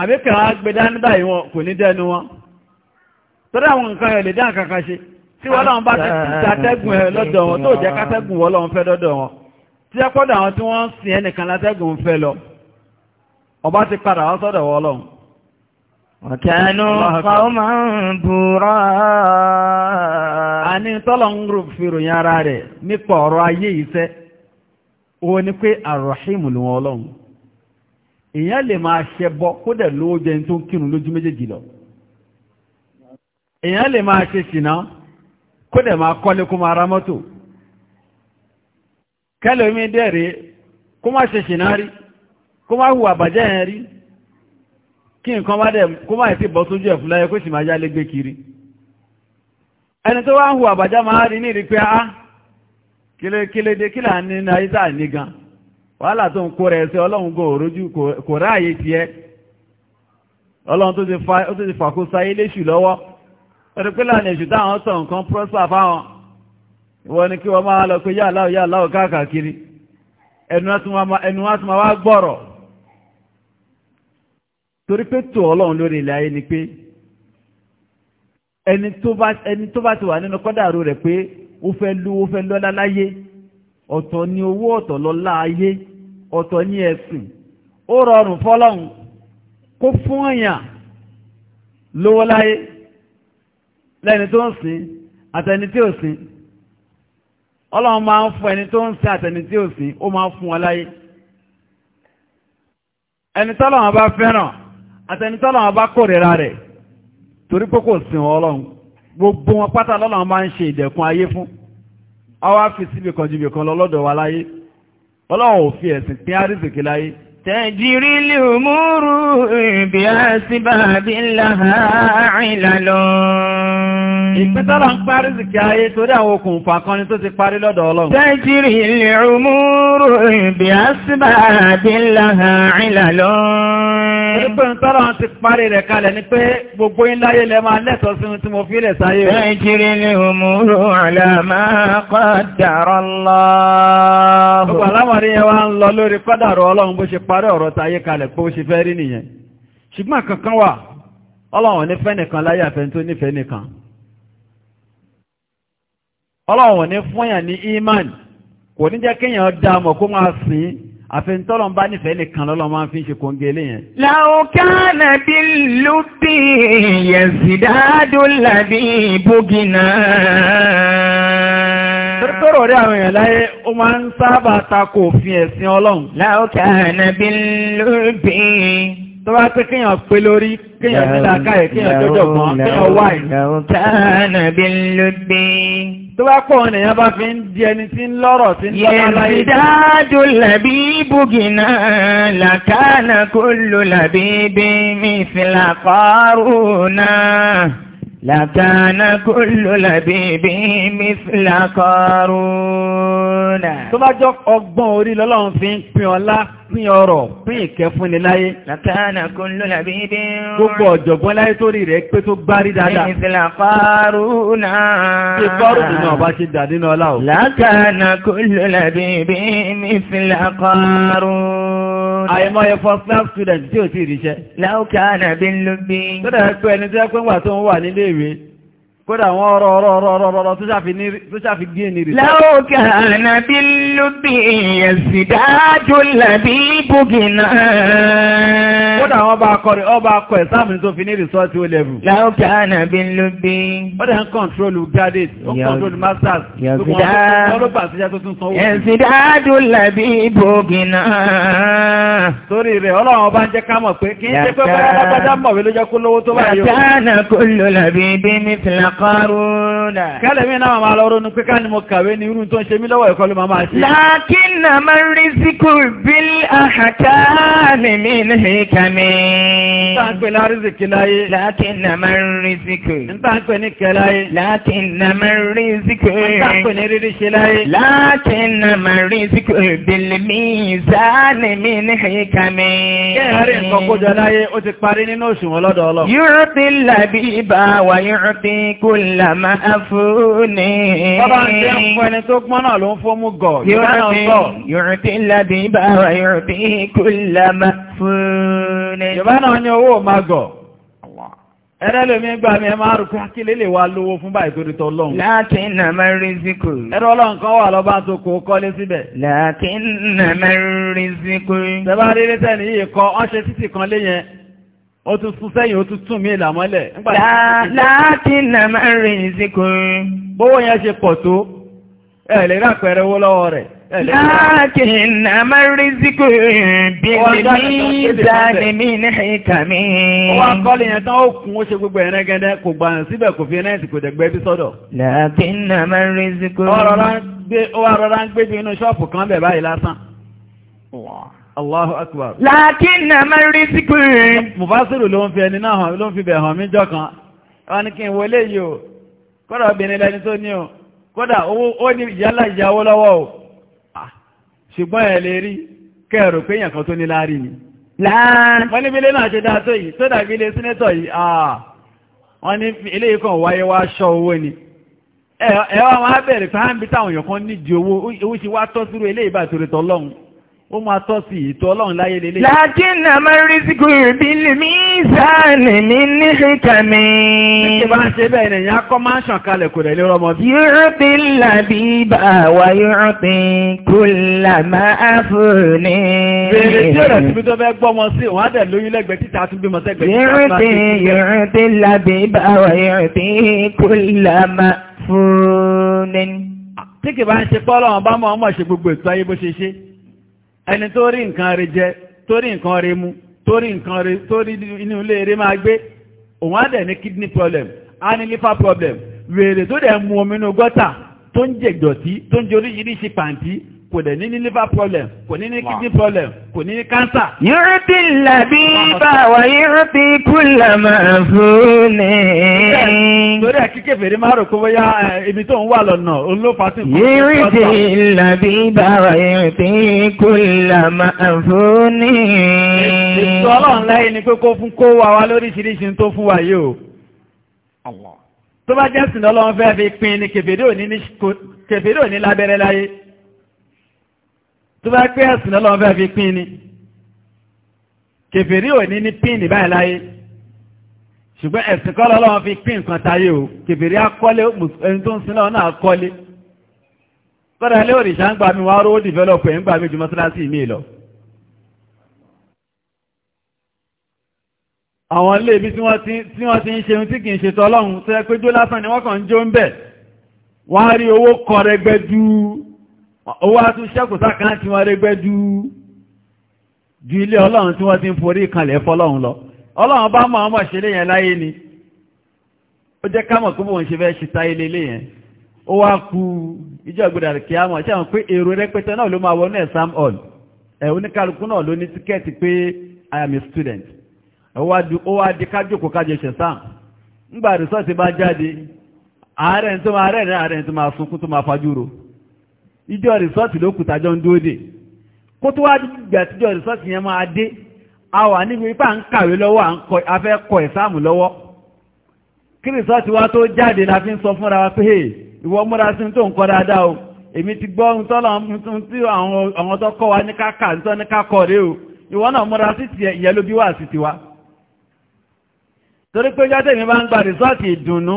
àbí kàn á gbé dání báyìí wọn kò ní dẹnu wọn torí àwọn nǹkan ẹ̀ lè dá nǹkan ṣe tí wọ́n lọ́wọ́ bá ti ta tẹ́gùn ẹ̀ lọ́dọ̀ wọn tó jẹ́ kátẹ́gùn wọ́n lọ́wọ́ fẹ́ lọ́dọ̀ wọn tí ẹ kọ́dọ̀ àwọn tí wọ́n ń sin ẹnìkan látẹ́gùn fẹ́ lọ ọba ti padà wọ́n sọ́dọ̀ wọ́n lọ́wọ́. ọ̀kẹ́nu kọ́mọ̀ ń búrọ́. àní tọ́lọ̀ ń rò fèrò yẹn rẹ̀ nípa ọ̀rọ̀ ayé yìí sẹ́ èèyàn lè máa ṣẹbọ kódẹ̀ lówó jẹ tó ń kírun lójú méjèèjì lọ èèyàn lè máa ṣe ṣìná kódẹ̀ máa kọ́lé kó máa ra mọ́tò kẹ́lẹ̀ omi dẹ́rẹ́ kó má ṣe ṣìná rí kó má hùwà bàjẹ́ yẹn rí kí nǹkan bá dẹ̀ kó má ti bọ́ sójú ẹ̀fún láyé kó sì máa yá légbé kiri ẹni tó wá ń hùwà bàjẹ́ máa rí ní ìrí pé á ah, kílódé kílà ní ayé tá ní gan-an wàhálà tó ń kó rẹ̀ sí ọlọ́run gò rójú kò ráàyè tiẹ̀ ọlọ́run tó ti fàkóso ayé léṣù lọ́wọ́ ẹ̀rọ pé láàrin èṣù táwọn sọ nǹkan pírọ́sà fáwọn ìwọ ni kí wọ́n máa lọ pé yà láò yà láò káàkiri ẹnu wá tún máa wá gbọ́rọ̀ torí pé tó ọlọ́run lórí ilẹ̀ ayé ni pé ẹni tó bá ti wà nínú kọ́dàrú rẹ̀ pé ó fẹ́ lú ó fẹ́ lọ́lá láyé ọ̀tọ̀ ni owó ọ̀tọ̀ lọ́lá ayé ọ̀tọ̀ ni ẹ̀sìn ó rọrùn fọ́lọ́hun kó fún èèyàn lówó láyé lẹ́ni tó ń sìn àtẹni tí ò sìn ọlọ́run máa ń fún ẹni tó ń sìn àtẹni tí ò sìn ó máa ń fún wọn láyé ẹni tọ́lọ́run bá fẹ́ràn àtẹni tọ́lọ́run bá kórìíra rẹ̀ torí pé kò sìn ọlọ́run gbogbo wọn pátá lọ́lọ́run máa ń ṣe ìdẹ̀kùn ayé fún àwa fi síbi kan ju ibi kan lọ lọ́dọ̀ wa láyé ọlọ́run ò fi ẹ̀sìn pín àrísìkí láyé. tẹ̀jírí lè múrù bí a sì bá bí láhàá ìlànà. Ìpítọ́lá ń parí zìkì ayé torí àwọn okùnfà kan ni tó ti parí lọ́dọ̀ Ọlọ́run. Tẹ́jìrì ilẹ̀ òmúrò ìbí àṣìbà àdínláha ìlàlọ́. Ẹgbẹ́ ìtọ́lá ti parí rẹ̀ kalẹ̀ ni pé gbogbo ìláyé lẹ máa lẹ́tọ̀ sí tí mo fi lẹ̀ sáyé. Tẹ́jìrì ilẹ̀ òmúrò àlàmà kọ́dàrọ̀ lọ. Gbogbo alámọ̀rí yẹn wá ń lọ lórí kọ́dàrọ̀ Ọlọ́run bó ṣe parí ọ̀rọ̀ tayé kalẹ̀ pé ó ṣe fẹ́ rí nìyẹn. Ṣùgbọ́n kankan wà, Ọlọ́run ní fẹ́ nìkan láyé àfẹ́ nífẹ̀ẹ́ nìkan ọlọ́run ní fúnyàn ní iman kò ní jẹ́ kéèyàn dámọ̀ kó máa sìn àfihàntọ́lọ̀ bá nífẹ̀ẹ́ nìkan lọ́lọ́ máa fi ń ṣe kóńgé léyìn. láòkánà bí lùbí yẹ̀sìdádó làbí bógínà. tọ́rọ̀ rí àwọn èèyàn láyé ó máa ń sábà takò òfin ẹ̀sìn ọlọ́run. láòkánà bí lùbí tó bá pé kíyàn pé lórí kíyàn nílàkàyè kíyàn jọjọ kan kíyàn wáyé. láòkánà bí lùbí tó bá pọ̀ ní ẹ̀yàn bá fi ń di ẹni tí ń lọ́rọ̀ tí ń lọ́rọ̀ láyé. ìdájò làbí bùgìnà làkánà kó lò làbí bí mi fi làkọ́rù náà. Làkàna kúlù làbí bí mísìlá kọrùnà. Tó bá jọ ọgbọ́n orí lọ́lọ́run fi ń pín ọlá, pín ọrọ̀, pín ìkẹ́ fún ni láyé. Làkàna kúlù làbí bí. Gbogbo ọ̀jọ̀gbọ́n láyé tó rí rẹ̀ pé tó gbárí dáadáa. Mísìlá kọrùnà. Ṣé kọrùnà náà bá ṣe dà nínú ọlá o? Làkàna kúlù làbí bí mísìlá kọrùnà náà. àìmọ́ ẹ fọ́ class student tí ò tí ì ríṣẹ́. láwùká ànàbí ń ló bí. tó dà pé ẹni tó yẹ pé ńgbà tó ń wà nílé ìwé kódà wọn ọ̀rọ̀ ọ̀rọ̀ ọ̀rọ̀ ọ̀rọ̀ ọ̀rọ̀ tó ṣàfi gé ní rìsẹ́. láwùká ànàbí ló bí ìyẹ̀sì dájú làbí bùgìnà. Kódà wọn bá kọ ọba akọ ẹ̀sáàmì tó fi ní rìsọ́ọ̀tì ó lẹ́bù. Láòkè ànàbí ló bí. Ó dẹ̀ ń kọ̀ntrólù gádẹ́tì, ó kọ̀ntrólù masters. Yẹ̀sìdáàdù làbí ìbògìnà. Sórí rẹ̀ ọlọ́run ọba ń jẹ́ ká mọ̀ pé kí n ṣe pé báyá lágbájá mọ̀wé ló jẹ́ kó lówó tó báyìí o. Kàtàna kò lò làbí bí mi fìlà kọ́rùnà. Kẹ́lẹ̀ mi náà máa lọ ronú pé ká ni mo kàwé ní irú tó ń ṣe mí lọ́wọ́ ìkọlù máa máa ṣe. Lákínà máa ń rí síkù bíl àhàkáàmì mi ní ìkànnì mi. Táǹpẹ̀ ní arísìkì láyé. Láti nà máa ń rí síkè. Táǹpẹ̀ ní kẹ láyé. Láti nà máa ń rí síkè. Táǹpẹ̀ ní rírí ṣe láyé. Láti nà máa ń rí síkè. Bìlì mi ìsáàlì mi ní kíkà mi. Kẹ́hẹ́rì nǹkan kójọ láyé ó ti parí nínú òṣùwọ̀n lọ́dọ̀ ọlọ. Yúrùtí làbí ibà wà yúrùtí kò là máa fúnni. Bọ́lá ń jẹ́ fún ẹni tó gbọ́n náà ló ń fọ́mú gọ̀. Yúrùtí làbí ibà wà yúrùtí kò là máa fúnni. ní. náà ní owó magọ̀. Ẹrẹ́ gbà mí ẹ máa rò akílé lè wà lówó fún báyìí torí Láti nà máa ń rizikù. Ẹrọ ọlọ́run kan wà tó kọọ kọ́lé síbẹ̀. kan lé yẹn ó tún sún sẹ́yìn ó tún tún mí ìlàmọ́lẹ̀. láti nà máa rìn sí bówó Láàkín àmà rízíkò bí ní ìzáni mi ní ìkàmí. Wọ́n akọ́lẹ̀ yẹn tán ó kún ó ṣe gbogbo ẹ̀rẹ́ gẹ́gẹ́ kò gbà síbẹ̀ kò fi ẹ̀rẹ́ ìsìnkò dẹ̀gbẹ́ bí sọ́dọ̀. Láàkín àmà rízíkò. Ó wà rọra ń gbé bí inú ṣọ́ọ̀pù kan bẹ̀ báyìí Allahu akbar. Láàkín àmà rízíkò. Mùfásírù ló ń fi ẹni náà ló ń fi bẹ̀ hàn mí o. o. Kọ́dà ó ní ìyálà ìyàwó ṣùgbọ́n ẹ̀ lè rí kẹ́ẹ̀rù pé èèyàn kan tó ní láàrin ni. láàrín. wọ́n ní ilé náà ṣe dáa tó yìí tó dàbí ilé sínétọ̀ yìí wọ́n ní ilé yìí wáyé wá ṣọ owó ni. ẹ wá wọn á bẹ̀rẹ̀ pé à táwọn èèyàn kan nídìí owó owó ṣe wá tọ́ ó máa tọ́ sí ìtọ́ ọlọ́run láyé lélẹ̀. lákín náà máa rí síkú ìbílì mi sáàni mi ní ṣíkà ṣé bá ń ṣe bẹ́ẹ̀ ni ìyá kọ́ máa ń ṣàn kalẹ̀ kò rẹ̀ rọmọ bí. yúrùtì làbí bá wa yúrùtì kò là máa fún ni. bèrè tí ó rẹ̀ síbi tó fẹ́ gbọ́ ọmọ sí òun á dẹ̀ lóyún lẹ́gbẹ̀ẹ́ títa tún bímọ sẹ́gbẹ̀ẹ́. tí kì bá ń ṣe pọ́ ọlọ́run bá mọ̀ ọmọ ṣe gbogbo ètò ayé bó ẹni tó rí nǹkan rí jẹ tó rí nǹkan rí mu tó rí nǹkan rí tó rí inú ilé rí máa gbé òun á dẹ̀ ní kidney problem á ní liver problem wèrè tó dẹ̀ mu omi inú gọ́tà tó ń jẹ tó ń jẹ oríṣiríṣi pàǹtí kò dẹ̀ ní ní liver problem kò ní ní kidney problem kò ní ní cancer. yúrùtì làbí báwa yúrùtì kúlà máa fún ni. torí ẹ kíkẹ́ fèrè máa rò kó bóyá ibi tó ń wà lọ́nà òun ló làbí báwa yúrùtì kúlà máa fún ni. ètò ọlọ́run ni pé kó fún kó wa wá lóríṣiríṣi tó fún wa yìí o. tó bá jẹ́ sìn lọ́lọ́run fẹ́ fi pín ní kèfèrè òní lábẹ́rẹ́ láyé tó bá pé ẹ̀sìn lọ́lọ́run fẹ́ fi pín ni kèfèrí ò ní ní pín ní báyìí láyé ṣùgbọ́n ẹ̀sìn kọ́ lọ́lọ́run fi pín nǹkan táyé o kèfèrí akọ́lé ẹni tó ń sin lọ́wọ́ náà kọ́lé kọ́dà ilé òrìṣà ń gbà mí wá rówó dìvẹ́lọ́pù ẹ̀ ń gbà mí ju mọ́sálásí mi lọ. àwọn ilé ibi tí wọ́n ti ń ṣeun tí kìí ṣe tọ́lọ́run tó yẹ pé jó lásán ni wọ́n kàn ń jó ń bẹ̀ wọ́n á rí owó kọrẹgbẹ́ owó a tún ṣẹ́kù sákan tí wọ́n ju ju ilé ọlọ́run tí wọ́n ti ń forí ìkànlẹ̀ fọ́lọ́run lọ ọlọ́run bá mọ̀ ọmọ ṣe léyẹn láyé ni ó jẹ́ ká kó bóun ṣe fẹ́ ṣe táyé lélé yẹn ó wá ku ìjọ kí á mọ̀ ṣe àwọn pé èrò rẹpẹtẹ náà ló máa wọnú sam hall ẹ̀ oníkálukú náà ló ní tíkẹ́ẹ̀tì pé i am a student ó wá di kájòkó sáà rìsọ́ọ̀tì bá jáde ààrẹ tó máa ní ààrẹ tó máa sunkún tó máa ìjọ rìsọ́ọ̀tì ló kùtàjọ ń dúó dè kó tó wá gbà tíjọ rìsọ́ọ̀tì yẹn máa dé a wà níbi ipá ń kàwé lọ́wọ́ a fẹ́ kọ ẹ̀sáàmù lọ́wọ́ kí rìsọ́ọ̀tì wa tó jáde la fi ń sọ fúnra wa pé ìwọ múra sí tó ń kọ dáadáa o èmi ti gbọ́ ohun tọ́lọ ohun tí àwọn tó kọ́ wa ní káka ń tọ́ ní kákọ̀ rẹ o ìwọ náà múra sí tiẹ̀ ìyẹn ló bí wà sí tiwa torí pé jáde mi bá ń gba rìsọ́ọ̀tì ìdùnnú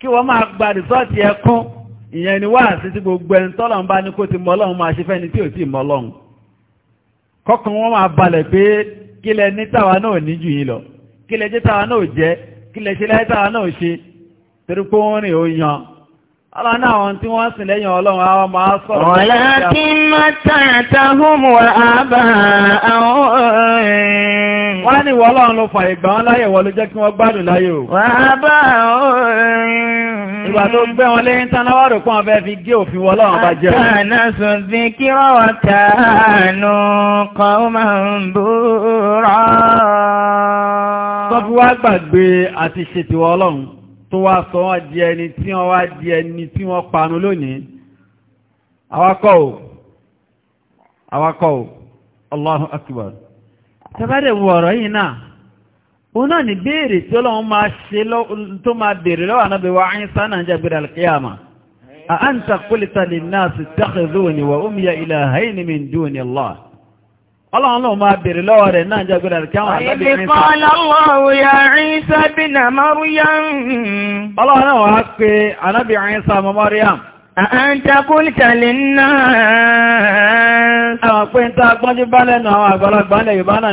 kí wọ́n máa gba rìsọ́ọ̀tì ẹkún ìyẹn ni wá sí tí gbogbo ẹni tọ́lọ́run bá ní kó ti mọ̀ Ọlọ́run máa ṣe fẹ́ni tí ò tí mọ̀ Ọlọ́run kọ́kàn wọ́n máa balẹ̀ pé kílẹ̀ ní tàwa náà ní jù lọ kílẹ̀ jẹ́ tàwa náà jẹ́ kílẹ̀ ṣe láyé tàwa náà ṣe torí pé rìn ó yan Àwọn náà wọn tí wọ́n sì lẹ́yìn ọlọ́run àwọn máa sọ̀rọ̀. Ọ̀lá kí mọ́tàtà hùmù àbà àwọn òòrùn. Wọ́n ní ìwọ ọlọ́run ló fàyè gbà wọ́n láyè wọ́n ló jẹ́ kí wọ́n gbádùn láyè o. Àbà òòrùn. Ìgbà tó fi gé òfin wọ́n lọ́wọ́n bá jẹ́. Àtànà sùn sí kí ń búrọ̀ tó wá sọ wọ́n di ẹni tí wọ́n wá di ẹni tí wọ́n panu lónìí awakọ̀ o awakọ̀ o Allahu Akbar tẹ́bàdẹ̀ wọ ọ̀rọ̀ yìí náà òun náà ni béèrè tí ọlọ́run máa ṣe tó máa béèrè lọ́wọ́ àná bẹ̀wọ̀ àyínsá náà jẹ́ gbèrè alkiyama a anta qulta lin nas ittakhidhuni wa ummiya ilahayni min duni Ọlọ́run náà máa bèèrè lọ́wọ́ rẹ̀ náà jẹ́ gbẹ̀rẹ̀ kí àwọn àgbàbí ní Ọlọ́run ya a náà wá pé ànábì Ìsá ọmọ ta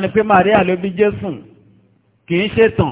ni pé Màríà kì í ṣètàn,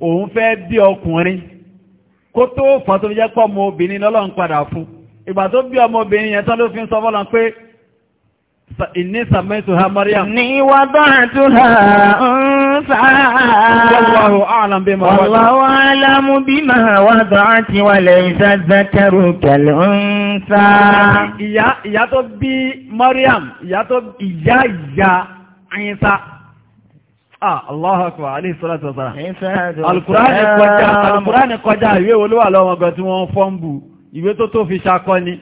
òun fẹ́ bí ọkùnrin kó tó fọ́n tó fi jẹ́ pọ́ ọmọ obìnrin lọ́lọ́run padà fún ìgbà tó bí ọmọ yẹn tán ló fi ń sọ fọ́lọ́n pé ìní sàmẹ́tù ha Maryam ní wà báàtù ha ń sáàwọ̀ alámú bí máa wà báàtì wà lẹ́yìn sáàzẹ́kẹrù kẹlù ń sáà ìyá tó bí Maryam ìyá tó ìyá ìyá àyínsá Ah, Allahu Akbar, alayhi salatu wasalam. Alkùránì kọjá, alkùránì kọjá ìwé olówà lọ́wọ́ gan tí wọ́n fọ́n bù, ìwé tó tó fi ṣakọ́ ni.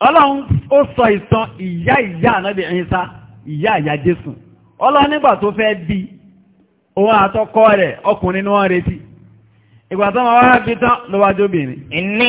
Ọlọ́run ó sọ ìtàn ìyá ìyá ànábì Ìsá, ìyá ìyá Jésù. Ọlọ́run nígbà tó fẹ́ bí, òun àtọkọ rẹ̀ ọkùnrin ni wọ́n retí. Ìgbà tó máa wá bí tán ló obìnrin. Inni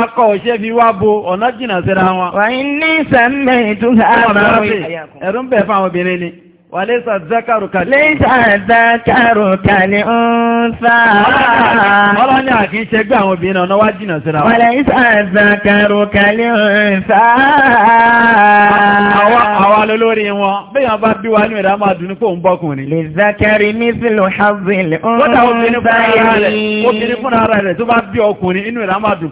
akọ òṣè fi wá bo ọ̀nà jìnnà síra wọn. wà ní sàmì ìtúhà وليس الذكر كالأنثى ليس الذكر كالأنثى ọlọ́ni àkí ń ṣẹgbẹ́ àwọn obìnrin ọ̀nà wá jìnà síra wọn. وليس الذكر كالأنثى. àwa lólórí wọn bẹ́ẹ̀ bá bí wa ní ìdá máa dùn kó ń bọ́kùnrin. للذكر مثل حظ الأنثيين. obìnrin fúnra rẹ̀ tó bá bí ọkùnrin inú ìdá máa dùn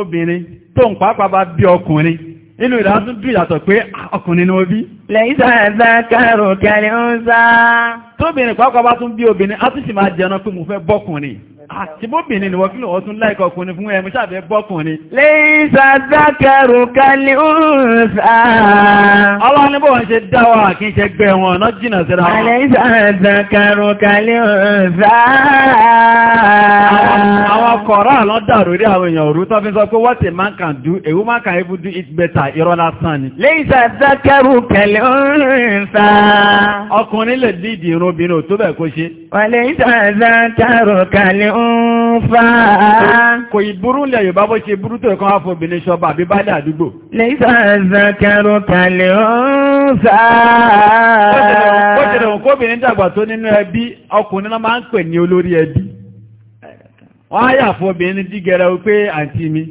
obìnrin tó ń pàápàá bá bí ọkùnrin inú ìdá tún bí ìyàtọ̀ pé ah, ọkùnrin ní ó bí. lẹ́yìn sáàdá kárò kẹrin ń sá. tóbìnrin pàápàá bá tún bí obìnrin á tún sì máa jẹun pé mo fẹ́ bọ́kùnrin. àti ah, bóbìnrin ni wọ́n kí lòwọ́ tún láìkọ̀ ọkùnrin fún ẹmú ṣàbẹ̀ bọ́kùnrin. lẹ́yìn sàdákàrù kalí òǹsà. ọlọ́run ní bọ́wọ́n ṣe dáwà kí n ṣe gbẹ wọn ọ̀nà jìnà síra wọn. lẹ́yìn sàdákàrù kalí òǹsà. àwọn kọ̀ọ̀rọ̀ àlọ́ what a man can do a woman can even do it better irọ́ lásán ni. lẹ́yìn sàdákàrù kalí òǹsà. ọkùnrin lè أنفا kò burú lẹ̀ yóò bá bọ́ ṣe burú tó ẹ̀kan afọ́bìnrin ṣọba àbí bá dà àdúgbò. lẹ́sà zakaru kalẹ̀ ọ̀nsà. bó ṣe lè kóbìnrin dàgbà tó nínú ẹbí ọkùnrin náà máa ń pè ní olórí ẹbí. wọ́n á yà fọ́bìnrin dígẹrẹ wípé àǹtí mi.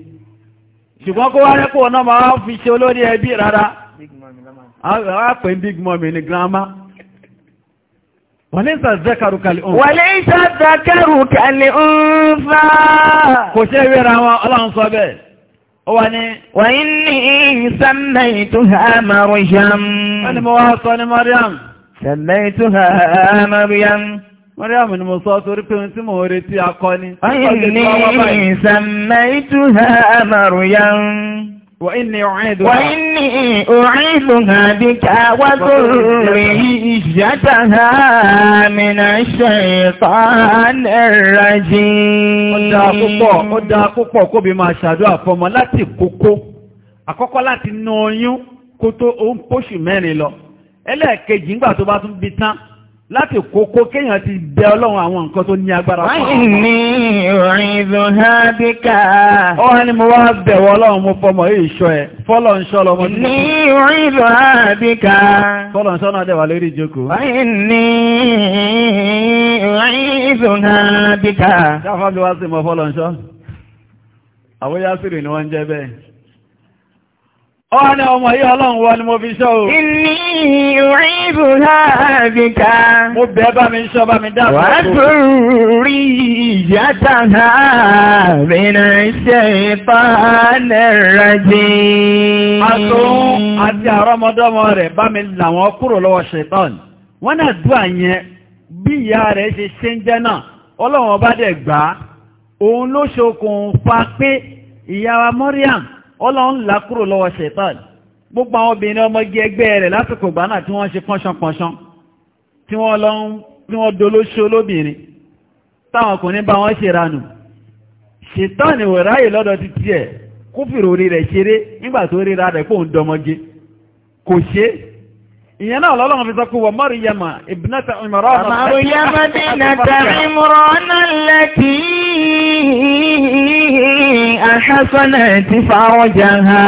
ṣùgbọ́n kó wá rẹ́pọ̀ náà máa fi ṣe olórí ẹbí rárá. àwọn àpè big mommy ni grandma. وليس ذكرك الأنثى وليس ذكرك الأنثى كشيرا والله صبي وأني وإني سميتها مريم أنا مواصل مريم سميتها مريم مريم من مصاص ربكم اسمه ورتي عقلي إني سميتها مريم وإني أعيدها وإني أعيدها بك وذريتها من الشيطان الرجيم. Ó dáa púpọ̀, ó dáa púpọ̀ kó bí máa ṣàdúrà fọmọ láti kókó. Àkọ́kọ́ láti ná oyún kó tó oṣù mẹ́rin lọ. Ẹlẹ́ẹ̀kejì ńgbà tó bá tún bí tán. láti kókó kéèyàn ti bẹ ọlọ́run àwọn nǹkan tó ní agbára fún ní ni mo wá bẹ̀wọ̀ ọlọ́run mo fọmọ fọ́lọ̀ ń ṣọ́ lọ́mọ tí. ní fọ́lọ̀ ń ṣọ́ náà lórí ìjókòó. ní Ọ́nà ọmọ yí ọlọ́run wọ ni mo fi ṣọ́ o. Inni ìrìnbù láàbíká. Mo bẹ̀ bá mi ṣọ́ bá mi dáàbò. Wà tóórí ìyáta náà rìnà iṣẹ́ ìfàánẹ̀ rajé. Àtòun àti àrọ́mọdọ́mọ rẹ̀ bá mi làwọn kúrò lọ́wọ́ ṣẹ̀tọ́n. Wọ́n náà dùn àyẹn bí ìyá rẹ̀ ṣe ṣe ń jẹ́ náà, ọlọ́run ọba dẹ̀ gbà á. Òun ló ṣokùnfà pé ìyá wa Mọ́ríàmù ọlọ́run là kúrò lọ́wọ́ ṣẹ̀tàn gbogbo àwọn obìnrin ọmọge ẹgbẹ́ rẹ̀ lásìkò ìgbà náà tí wọ́n ṣe pọ́nṣánpọ́nṣán tí wọ́n lọ ń tí wọ́n dolóṣó lóbìnrin táwọn ọkùnrin bá wọ́n ṣe ranù ṣẹ̀tàn ìwò ráyè lọ́dọ̀ ti tiẹ̀ kófìrò orí rẹ̀ ṣeré nígbà tó ríra rẹ̀ pò ń dọmọge kò ṣe ìyẹn náà lọ́lọ́run fi sọ pé wọ́n Maryama ìbínátà ìmọ̀ràn ọ̀nà حسنة فرجها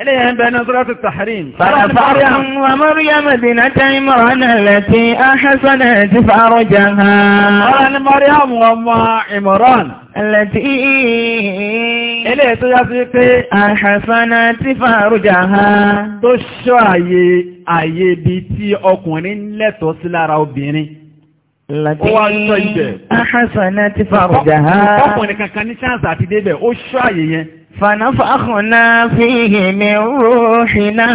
إليها بين سورة التحريم فرحم ومريم ابنة عمران التي أحسنت فرجها قال مريم وما عمران التي إليه تجاسيك أحسنت فرجها تشعي أيدي تي أكونين لتوصل ربيني Ó wá sọ ibẹ̀. Ahasana ti farujà ha. Ọkùnrin kankan ní ṣáàsì àti débẹ̀, ó ṣọ́ àyè yẹn. Fànáfàkùnná fi hìmì rúhìnà.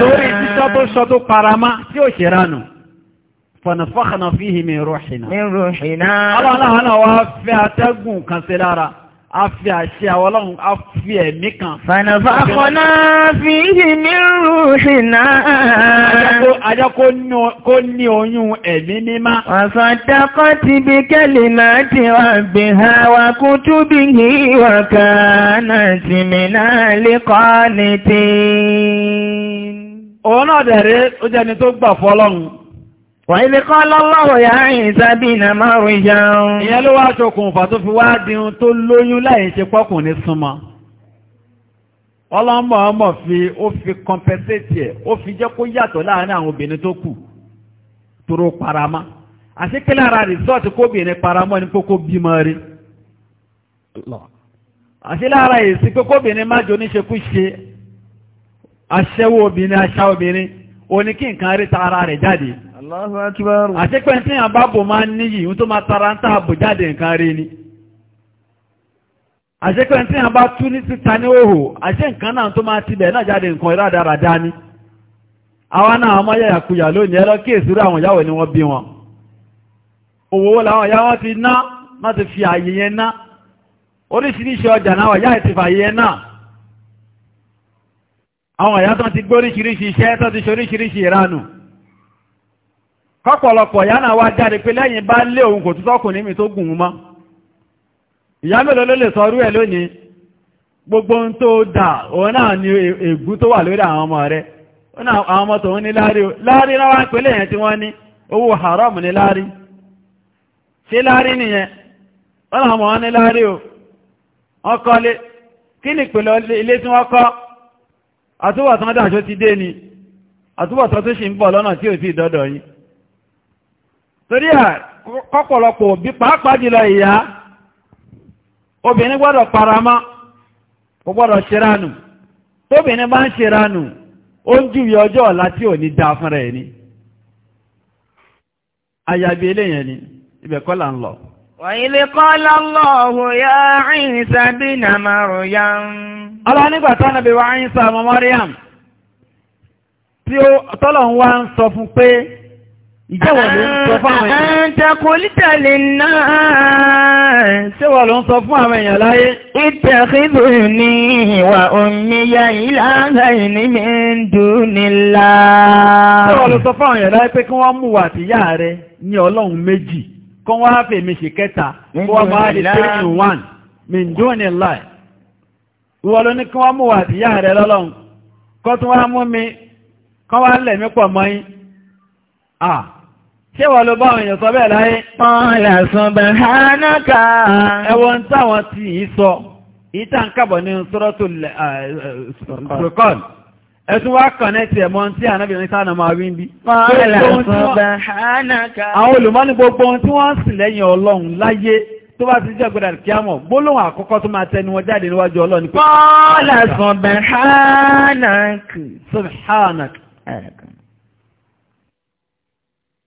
Torí títọ́ tó sọ tó paramá tí ó ṣe ránù. Fànáfàkùnná fi hìmì rúhìnà. Mi rúhìnà. Ọlọ́run fẹ́ atẹ́gùn kan sí lára a fi àṣẹ àwọn ọlọ́run a fi ẹ̀mí kan. fànàfà kọ́nà fi yìí ní rúṣì náà. ajá kó ní oyún ẹ̀mí mímá. ọ̀sọ̀dọ́kọ́ ti bí kẹ́lì máa ti ọ̀gbìn ha wa kú túbí ní ìwọ̀ká náà ti mi náà lè kọ́ ní tí. òun náà dẹ̀rẹ́ ó jẹ́ni tó gbà fọ́lọ́run. Wà ilé kọ́ lọ́lọ́wọ̀ yà ìsábì ìnà márùn ìyàun. Ìyẹn ló wá ṣokùnfà tó fi wá dìun tó lóyún láì ṣe pọ́kùn ní súnmọ́. Ọlọ́mọ ọmọ fi ó fi compensate ẹ̀, ó fi jẹ́ kó yàtọ̀ láàárín àwọn obìnrin tó kù tóró paramá. Àṣíkílẹ̀ ara rìsọ́ọ̀tì kóbìnrin paramọ́ ní kókó bímọ rí. Àṣílẹ̀ ara èsì pé kóbìnrin má jò ní ṣekú ṣe aṣẹ́wó obìnrin, aṣá obìnrin, oníkí nǹkan rí ta rẹ̀ jáde. Allahu Akbar. àṣepẹ́ tí yàn bá bò máa ń níyì ń tó máa tara ń tààbò jáde nǹkan rí ni àṣepẹ́ tí yàn bá ní síta ní òhò àṣẹ nǹkan náà tó máa tibẹ̀ náà jáde nǹkan ìrádàràdá ni àwa náà àwọn yàyàkuyà lónìí ẹlọ kí èsúrú àwọn ìyàwó ni wọ́n bí wọn òwòwò làwọn ìyá wọn ti ná má ti fi àyè yẹn ná oríṣiríṣi ọjà náà yáà ti fàyè yẹn náà àwọn ìyá tán ti gbóríṣiríṣi iṣẹ́ tán ti ṣoríṣiríṣi ìranù kọ́pọ̀lọpọ̀ ìyá náà wá jáde pé lẹ́yìn bá lé òun kò tútọ́ kò tó gùn mọ́ ìyá mélòó ló lè sọrú ẹ̀ lónìí gbogbo ohun tó dà òun náà ni ègún tó wà lórí àwọn ọmọ rẹ̀ àwọn ọmọ tòun ní láàrí láàrí náà wá ń pè tí wọ́n ní owó haram ní láàrí ṣé láàrí nìyẹn wọ́n ní láàrí o ni tó torí à kọ́pọ̀lọpọ̀ òbí pàápàá jùlọ ìyá obìnrin gbọ́dọ̀ paramọ́ kò gbọ́dọ̀ ṣeránù tóbìnrin bá ń ṣeránù ó ń ni eléyẹn ni ibẹ̀ kọ́ ń lọ. وَإِذْ قَالَ اللَّهُ يَا عِيسَى ابْنَ مَرْيَمَ Ọlá nígbà tánà bí wá Ìsá ọmọ Mọ́ríyàm Ìjẹ́wọ̀ ló ń sọ fún àwọn èèyàn. Àtàkùlítà lè náà. Ṣéwọ̀ ló ń sọ fún àwọn èèyàn láyé. Ìtẹ̀kìbò ní ìwà òmìyà ìlànà ìní mi nílá. Ṣéwọ̀ ló sọ fún àwọn èèyàn láyé pé kí wọ́n mú wà tíyà rẹ ní ọlọ́run méjì, kọ́ wọ́n fèmí Ṣé wọ́n ló bá àwọn èèyàn sọ bẹ́ẹ̀ láyé? Ọ̀là subhanaka. Ẹwọ́n táwọn ti sọ, ìta ń kàbọ̀ eh, eh, ní Suratul Furqan. Ẹtún wá kọ̀nẹ́tì ẹ̀mọ́ tí ànábìnrin tó bá ti jẹ́ gbọ́dọ̀ kí gbólóhùn àkọ́kọ́ tó máa tẹnu wọn jáde níwájú Ọlọ́run. Ọ̀là subhanaka. Subhanaka.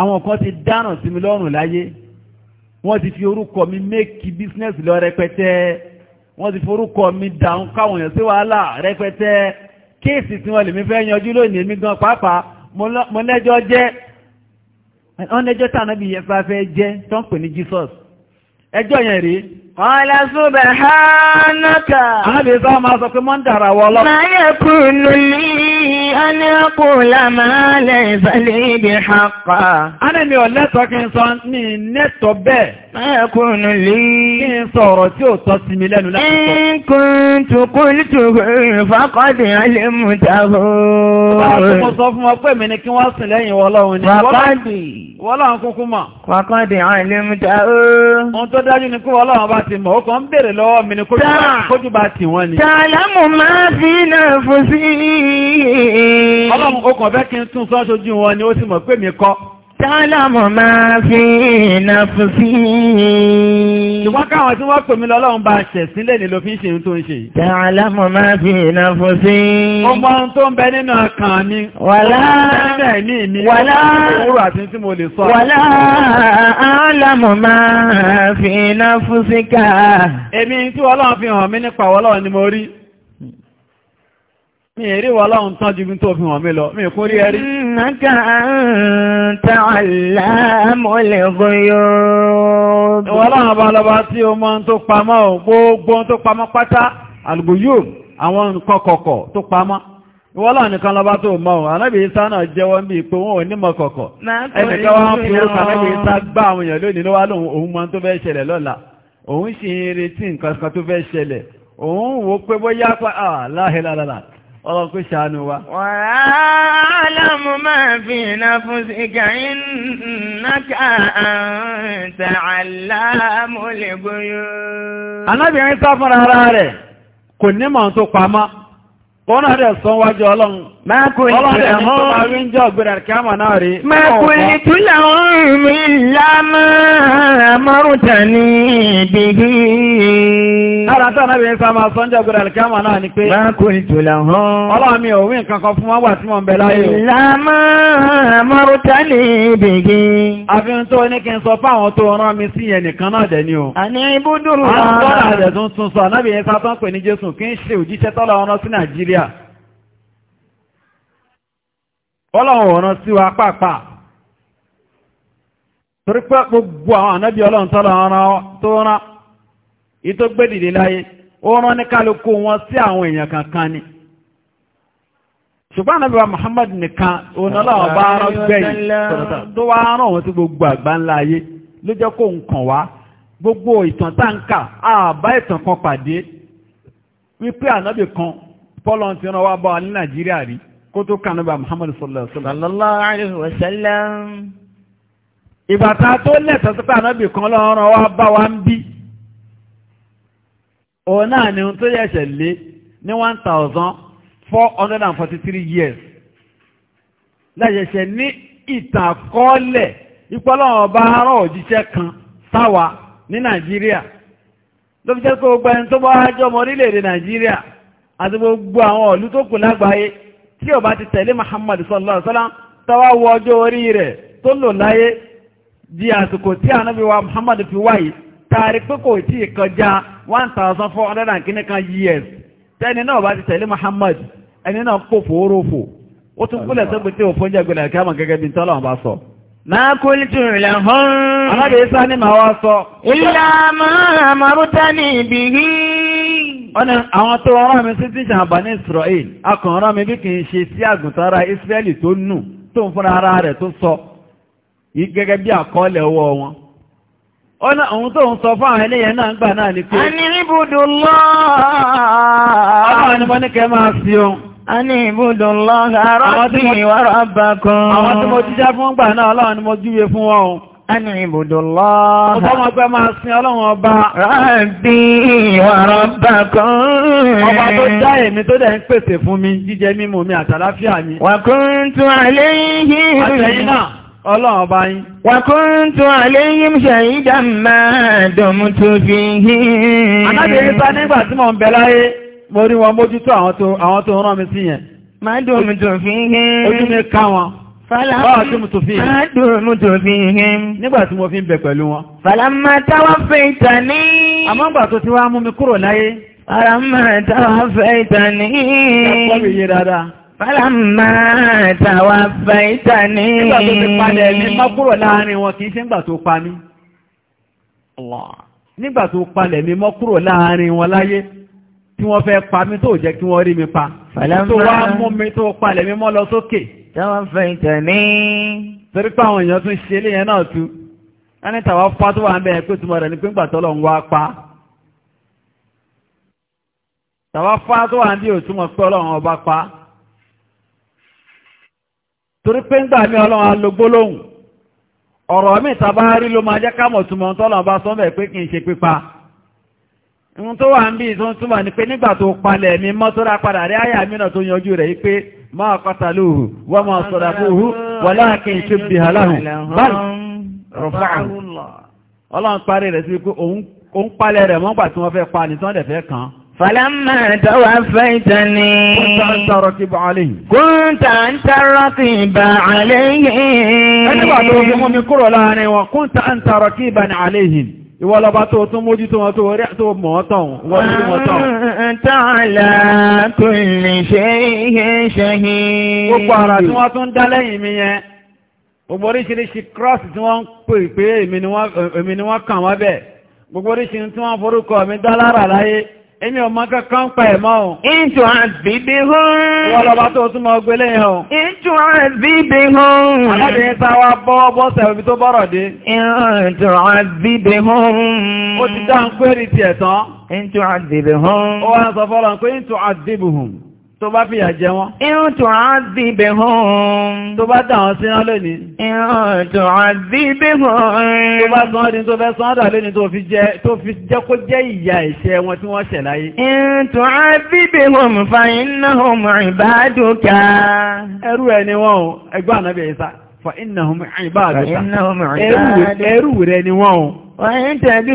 àwọn kan ti dáràn sí mi lọ́rùn láyé wọ́n ti fi orúkọ mi méèkì bísínẹ́sì lọ rẹpẹtẹ wọ́n ti fi orúkọ mi dàún káwọn èèyàn sí wàhálà rẹpẹtẹ kéèsì tí wọ́n lè mi fẹ́ yanjú lónìí èmi gan pàápàá mo lẹ́jọ́ jẹ́ wọ́n lẹ́jọ́ tànàbí yẹn fẹ́ jẹ́ tó ń pè ní Jesus ẹjọ́ yẹn rèé Ọlá Subhanaka. Àbí sọ máa sọ pé mọ́ ń dára wọ lọ. Máa yẹ kú nù ní ọní ọkù lámàálẹ̀ ìsàlẹ̀ ibi ṣàpá. A ní mi ò lẹ́tọ̀ọ́ kí n sọ ní nẹ́tọ̀ bẹ́ẹ̀. Máa yẹ kú nù lé. Kí n sọ ọ̀rọ̀ tí ò tọ́ sí mi lẹ́nu láti sọ ti mọ̀ ó ń bèèrè lọ́wọ́ mi ni kójú bá ti wọ́n ni. tààlámù máa fi náà fún sí ọlọ́run ó kàn fẹ́ kí n tún sọ́ṣojú wọn ni ó sì mọ̀ pé mi kọ́. تعلم ما في نفسي Ìwọ́n káwọn tí wọ́n pè mí lọ́lọ́run bá ṣẹ̀ sílẹ̀ nílò fi ń ṣe tó ń ṣe. تعلم ما في نفسي. Ó mọ ohun tó ń bẹ nínú ọkàn mi. Wàlá wàlá wàlá أعلم ما في نفسك. Èmi tí Ọlọ́run fi hàn mí nípa Ọlọ́run ni mo rí mi rí wà láhùn tán jùgbín tó fi hàn mí lọ mi kún rí ẹrí. nàkà àǹtà aláàmúlẹ̀gbọ́yọ́. ìwà láhùn bá lọ́ba tí o mọ́ tó pamọ́ ò gbogbo tó pamọ́ pátá àlùgbòyò àwọn nǹkan kọ̀kọ̀ tó pamọ́ ìwà láhùn nìkan lọ́ba tó mọ́ ò anábì isa náà jẹ́wọ́ bí pé wọn ò ní mọ̀ kọ̀kọ̀ ẹnìkan wọn fi orúkọ anábì isa gbá àwọn èèyàn lónìí ọlọ́run pé ṣàánú wa. wàá aláàmú máa fi iná fún síkà ìnáka àǹtà aláàmú lè gbóyó. anábìrin sá fún ara rẹ̀ kò ní mọ̀ tó pamọ́ wọ́n náà rẹ̀ sọ wájú ọlọ́run ọlọ́run rẹ̀ ní tó bá rí ń jẹ́ ọ̀gbẹ̀rẹ̀ kíámà náà rí. máa kò lè tún làwọn mi lámà amárùntà ní ìbí Lára mm. tí ànábì sá máa sọ́njẹ́ ọgbẹ̀rẹ̀ alìkámà náà ni pé. Máa kò ìtò làwọn. Ọlọ́run mi ò wí nǹkan kan fún wọn tí mò ń bẹ láyé o. Lámà ní ìbègì. Àfihàn tó ní kí n sọ fáwọn tó rán mi sí yẹn nìkan náà dẹ̀ ni o. Àní ibùdúrù náà. Àwọn tọ́lá ń tún ìtò gbẹ́dìdì láyé ó rán ní kálukú wọn sí àwọn èèyàn kankan ni ṣùgbọ́n àbíwá Muhammad nìkan onílọ́wọ́ bá rán gbẹ̀yìn tó wá rán òun sí gbogbo àgbá ńlá ayé ló jẹ́ kó nǹkan wá gbogbo ìtàn táǹkà àbá ìtàn kan pàdé wípé ànábì kan pọ́lọ̀ ti rán wá bá wa ní Nàìjíríà rí kó tó kà níbà Muhammad sallallahu alaihi wasallam ìbàtà tó lẹ̀tọ̀ sí pé ànábì kan lọ́rọ̀ wá bá wa ń bí òun náà ni ohun tó yẹ̀ṣẹ̀ lé ní one thousand four hundred and forty three years láyẹ̀ṣẹ̀ ní ìtàn àkọọ́lẹ̀ bá rán òjíṣẹ́ kan sáwa ní nàìjíríà ló fi jẹ́ pé ẹni tó bá jọ ọmọ orílẹ̀-èdè nàìjíríà àti gbogbo àwọn tó kù lágbàáyé tí ti tẹ̀lé wọ taari pé kọjá one thousand four hundred and kan years tẹni náà bá ti tẹ̀lé Muhammad ẹni náà kó fòórófò ó tún kúlẹ̀ tí òfin jẹ́ gbẹ̀lẹ̀ kí a mọ̀ gẹ́gẹ́ bí sọ. máa kó lítú ìrìnlẹ̀ hàn. alábẹ̀ isa ni màá sọ. máa ní ibi àwọn tó rán mi sí àbá ní Israel akàn rán mi bí kì í ṣe sí àgùntàn ara Israeli tó nù tó ń fúnra ara rẹ̀ tó sọ Ọ̀nà òun tó ń sọ fún àwọn ẹlẹ́yẹn náà ń gbà náà ni pé. A ní ibùdó lọ́ọ̀. Ọlọ́run ni mo máa sin Ọlọ́run ọba. Rábí ìwárọ̀ àbá kan. Ọba tó dá èmi tó dẹ̀ ń pèsè fún mi jíjẹ mímu mi àtàláfíà mi. Wà kúntù àléyìn. Àtẹ̀yìn náà. Ọlọ́run bá yín. Wa kuntu alayhim shahidan ma dumtu fihim. Anábìrin ta nígbà tí mò ń bẹ láyé, mo rí wọn mójútó àwọn tó rán mi sí yẹn. Ma dumtu fihim. Ojú mi ká wọn. Fàlámà dùnmù tó fi hìn. Nígbà tí mo fi ń bẹ pẹ̀lú wọn. Fàlámà táwọn fẹ́ ìtàní. Àmọ́ ìgbà tó ti wá mú mi kúrò láyé. Fàlámà táwọn fẹ́ ìtàní. Ẹ̀kọ́ mi yé dáadáa. Fálámà tàwa fẹ́ta ní. Nígbà tó ti padà ẹ̀mí má kúrò láàrin wọn kìí ṣe ń gbà tó pa mí. Nígbà tó palẹ̀ mi mọ́ kúrò láàrin wọn láyé tí wọ́n fẹ́ pa mí tó jẹ́ kí wọ́n rí mi pa. Fálámà tó wá mú mi tó palẹ̀ mi mọ́ lọ sókè. Tàwa fẹ́ta ní. Torí pé àwọn èèyàn tún ṣe léyìn náà tú. Wọ́n ní tàwa fa tó wà ń bẹ̀rẹ̀ pé tùmọ̀ rẹ̀ ni pé ńgbà tọ́lọ̀ Tàwa fa tó ń bí òtúmọ̀ pé ọlọ́run ọba pa torí pé ń gbà mí ọlọ́run alogbólóhùn ọ̀rọ̀ mi tàbá rí ló máa jẹ́ kámọ̀ túnmọ̀ tọ́lọ̀ bá sọ́n bẹ̀ pé kí n ṣe pípa ohun tó wà ń bí tó ń túnmọ̀ ni pé nígbà tó palẹ̀ mi mọ́ tó ra padà rí àyà mìíràn tó yanjú rẹ̀ yí pé máa qataluhu wa ma salabuhu walakin shubbiha lahum bal rafa'ahu ọlọ́run parí rẹ̀ sí pé òun palẹ̀ rẹ̀ mọ́gbà tí wọ́n fẹ́ pa nìtọ́ndẹ̀ فلما توفيتني كنت أنت رقيب عليه كنت أنت رقيب عليه أنا بعد رقمهم يقولوا لاني وكنت أنت رقيبا عليهم ìwọ́lọ bá tó tún mójú tó wọ́n tó rí àtò mọ́ọ̀tàn wọ́n tó mọ́ọ̀tàn. tààlà tó lè ṣe ihe ṣehi. gbogbo ara tí wọ́n tún dá lẹ́yìn mi gbogbo oríṣiríṣi cross tí wọ́n ń pè pé èmi ni wọ́n kàn wọ́n bẹ̀ gbogbo oríṣiríṣi tí wọ́n forúkọ mi dá lára láyé Èmi ọmọ kankan pa ẹ̀mọ́ ohun. Ìjọ àbíbí hún. Wọ́n lọba tó túnmọ̀ ọgbélé hàn. Ìjọ àbíbí hún. Alábìnrin sáwà bọ́ bọ́sẹ̀ omi tó bọ́rọ̀ dé. Ìjọ àbíbí hún. Ó ti dá ń pẹ́rì ti ẹ̀tàn. Ìjọ àbíbí hún. Ó wá ń sọ fọ́lọ́ tó bá fìyà jẹ wọn. irun tó á dì bẹ̀ hàn. tó bá dà wọn síná lónìí. irun tó á dì bẹ̀ hàn. tó bá san ọdún tó fẹ́ san ọdà lónìí tó fi jẹ́ kó jẹ́ ìyà ìṣẹ́ wọn tí wọ́n ṣẹ̀ láyé. irun tó á dì bẹ̀ hàn fa iná hàn ìbádùkà. ẹrú ẹ ni wọn o ẹgbẹ́ ànábì ẹ̀sà fa iná hàn ìbádùkà. ẹrú rẹ ni wọn o. wọ́n ń tẹ́jú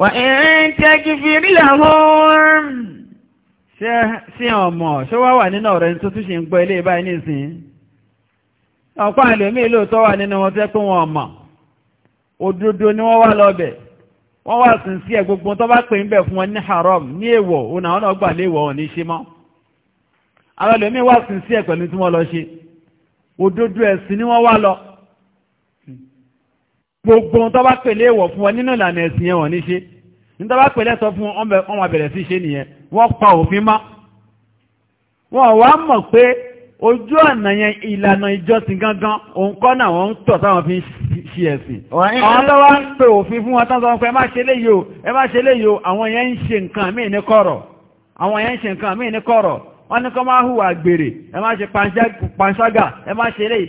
وإن تغفر لهم ṣé ọmọ ṣó wá wà nínú ọ̀rẹ́ tó tún ṣe ń gbọ́ ilé báyìí nísìn ọ̀pá àlòmí lóòótọ́ wà nínú wọn tẹ́ pé wọn ọmọ òdodo ni wọ́n wá lọ́bẹ̀ wọ́n wá sùn sí ẹ̀ gbogbo tó bá pè ń bẹ̀ fún wọn ní haram ní èèwọ̀ òun àwọn náà gbà léèwọ̀ wọn ní ṣe mọ́ àwọn àlòmí wá sùn sí ẹ̀ pẹ̀lú tí wọ́n lọ ṣe òdodo ẹ̀sìn ni wọ́n wá lọ gbogbo tó bá pèlé ìwọ̀ fún wọn nínú ìlànà ẹ̀sìn yẹn wọ́n ní ṣe ní tó bá pèlé sọ fún ọmọ bẹ̀rẹ̀ sí ṣe nìyẹn wọ́n pa òfin má wọ́n wá mọ̀ pé ojú ọ̀nà yẹn ìlànà ìjọsìn gangan òun kọ́ náà wọ́n ń tọ̀ táwọn fi ṣe ẹ̀sìn àwọn tó wá ń pè òfin fún wọn tán sọ pé ẹ má ṣe léyìí o ẹ má ṣe léyìí o àwọn yẹn ń ṣe nǹkan míì ní kọ̀rọ̀ àwọn yẹn ń ṣe nǹkan míì ní kọ̀rọ̀ wọ́n ní kọ́ máa hùwà gbèrè ẹ má ṣe panṣágà ẹ má ṣe léyìí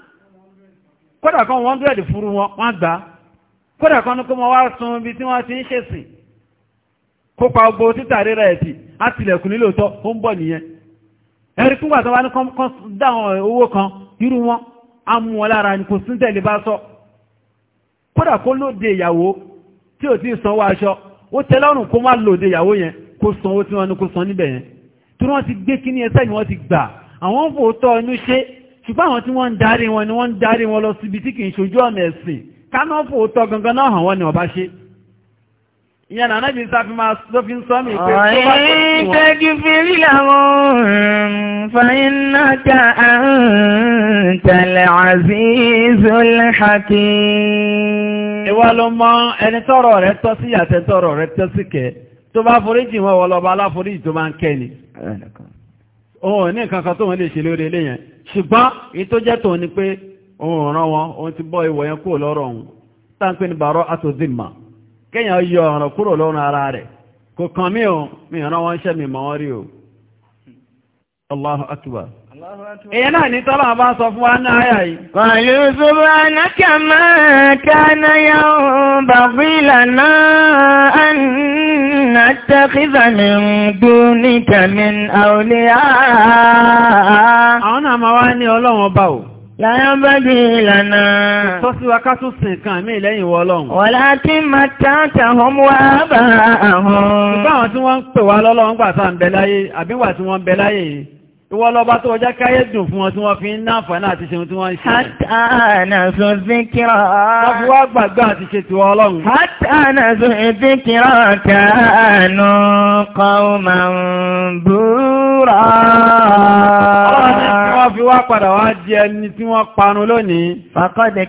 kódà kan wọ́n dúrẹ̀dì fúru wọn wọ́n gbà kódà kan ní kó mọ wá sun ibi tí wọ́n ti ń ṣèsìn kópa ogbó títà rírà ẹ̀tì á tilẹ̀kùn nílò tọ́ ó ń bọ̀ nìyẹn ẹ̀rí kúgbà tó wá ní kọ́ dáwọn owó kan irú wọn á mú wọn lára ní kò sí tẹ̀lé bá sọ kódà kó lóde wọ́n tí wọ́n ti gbé kíní ẹsẹ̀ ni wọ́n ti gbà àwọn fòótọ́ inú ṣe ṣùgbọ́n àwọn tí wọ́n ń darí wọn ni wọ́n ń darí wọn lọ síbi tí kì ṣojú ọ̀nà ẹ̀sìn kánọ́fù òótọ́ gangan náà hàn wọ́n ni ọba ṣe ìyẹn nà náà máa ló fi pé tó bá tó sí wọn. ọ̀rẹ́ ìtẹ́gìfìrí làwọn fàínàkà àǹtẹ̀lẹ̀ azizul hakim. ìwà ló òun ní kankan tó wọ́n lè ṣe lórí ilé yẹn ṣùgbọ́n èyí tó jẹ́ tòun ni pé òun ràn wọn ohun ti bọ́ ìwọ̀ yẹn kúrò lọ́rọ̀ ohun táǹpé ní bàárọ̀ yọ kúrò lọ́rùn ara rẹ̀ kò kàn mí o mi ràn wọn ṣẹ́ mi mọ́ rí o èyàn náà ní tọ́lá bá sọ fún wa náà ayà yìí. pẹ̀lú ṣubú anákẹ́ máa kánà yà ń bà fílà náà àná tẹ́kìfà ní gbú ní kẹ̀mí àwòlẹ́ àà. àwọn náà máa wá ní ọlọ́run bá o. Láyán bá wa ká tún sìn kan mí lẹ́yìn wọ ọlọ́run. Wọ̀lá tí máa tààtà hàn wá bá àwọn. Ìgbà àwọn tí wọ́n ń Ìwọ lọba tó jẹ́ káyé dùn fún wọn tí wọ́n fi ń náàfàánà àti ṣeun tí wọ́n ń ṣe. Hátàánà sọ zíkírọ̀. Wọ́n wá gbàgbà àti ṣe tí wọ́n lọ́run. Hátàánà sọ zíkírọ̀ kàánú kọ́ọ̀mà ń búrọ̀. Ọlọ́run ni tí wọ́n fi wá padà wá jẹ ẹni tí wọ́n panu lónìí. Fàkọ́dẹ̀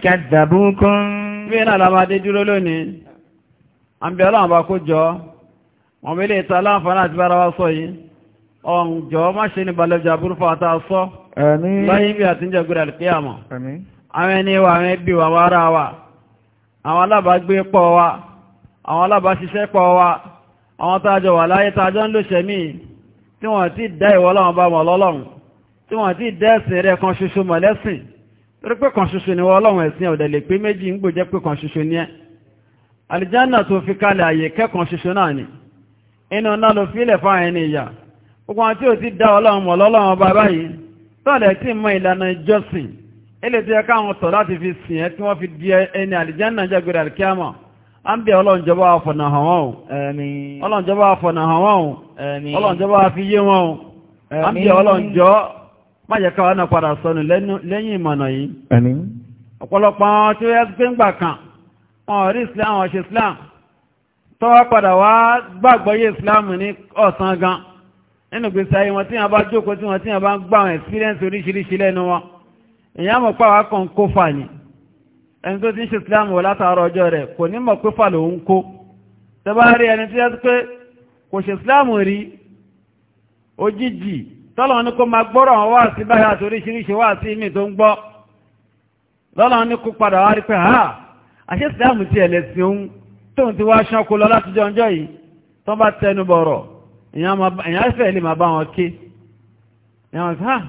kẹ́ ọ̀n jọ má ṣe ní balẹ̀jà burúkú àtà sọ láyé bí àti jẹ́ gúrẹ̀ alìkíyàmọ̀ àwọn ẹni wà àwọn ẹbí wà wára wa àwọn alábàágbé pọ̀ wa àwọn alábàáṣiṣẹ́ pọ̀ wa àwọn tààjọ wà láyé tààjọ ń lò ṣẹ̀mí tí wọ́n ti dá ìwọ́lọ́wọ́n bá mọ̀ lọ́lọ́run tí wọ́n ti dá ẹ̀sìn rẹ̀ kan ṣoṣo mọ̀ lẹ́sìn torí pé kan ṣoṣo ni wọ́n lọ́wọ́n ẹ̀sìn ọ̀dẹ̀ lè pé méjì ń gbòjẹ́ pé kan ṣoṣo ni ẹ́ náà ló fílẹ̀ fáwọn ẹni ìyà ogun àti ò ti dá ọlọ́run mọ̀ lọ́lọ́run ọba báyìí tọ́lẹ̀ tí mọ ìlànà ìjọsìn ilé tí ẹ káwọn tọ̀ láti fi sìn ẹ́ tí wọ́n fi di ẹni àlìjánà jẹ́gbẹ̀rẹ̀ àríkíámọ̀ a ń bẹ ọlọ́njọba àfọ̀nà hàn wọ́n ọlọ́njọba àfọ̀nà hàn wọ́n ọlọ́njọba àfi yé wọ́n a ń bẹ padà sọnù lẹ́yìn ìmọ̀nà yìí ọ̀pọ̀lọpọ̀ àwọn islam islam tọ́wọ́ padà wá nínú gbèsè ayé wọn tí wọn bá jókòó tí wọn tí wọn bá ń gbà wọn experience oríṣiríṣi lẹ́nu wọn èèyàn mọ̀ pé àwọn kan kó fà ní ẹni tó ti ń ṣe Islam wọ látàárọ̀ ọjọ́ rẹ̀ kò ní mọ̀ pé fà lòun kó tẹ́bá rí ẹni tí yẹ́sí pé kò ṣe Islam rí òjijì tọ́lọ̀ ní kó máa gbọ́rọ̀ wọn wá sí báyà àti oríṣiríṣi wá sí mi tó ń gbọ́ lọ́lọ́ ní kó padà wá rí pé ha àṣẹ Islam ti ẹ̀lẹ́sìn tóun ti wá ṣánkó lọ látijọ́ ọjọ́ èyàn fẹ́ lè máa bá wọn ké èyàn wọn ha ah!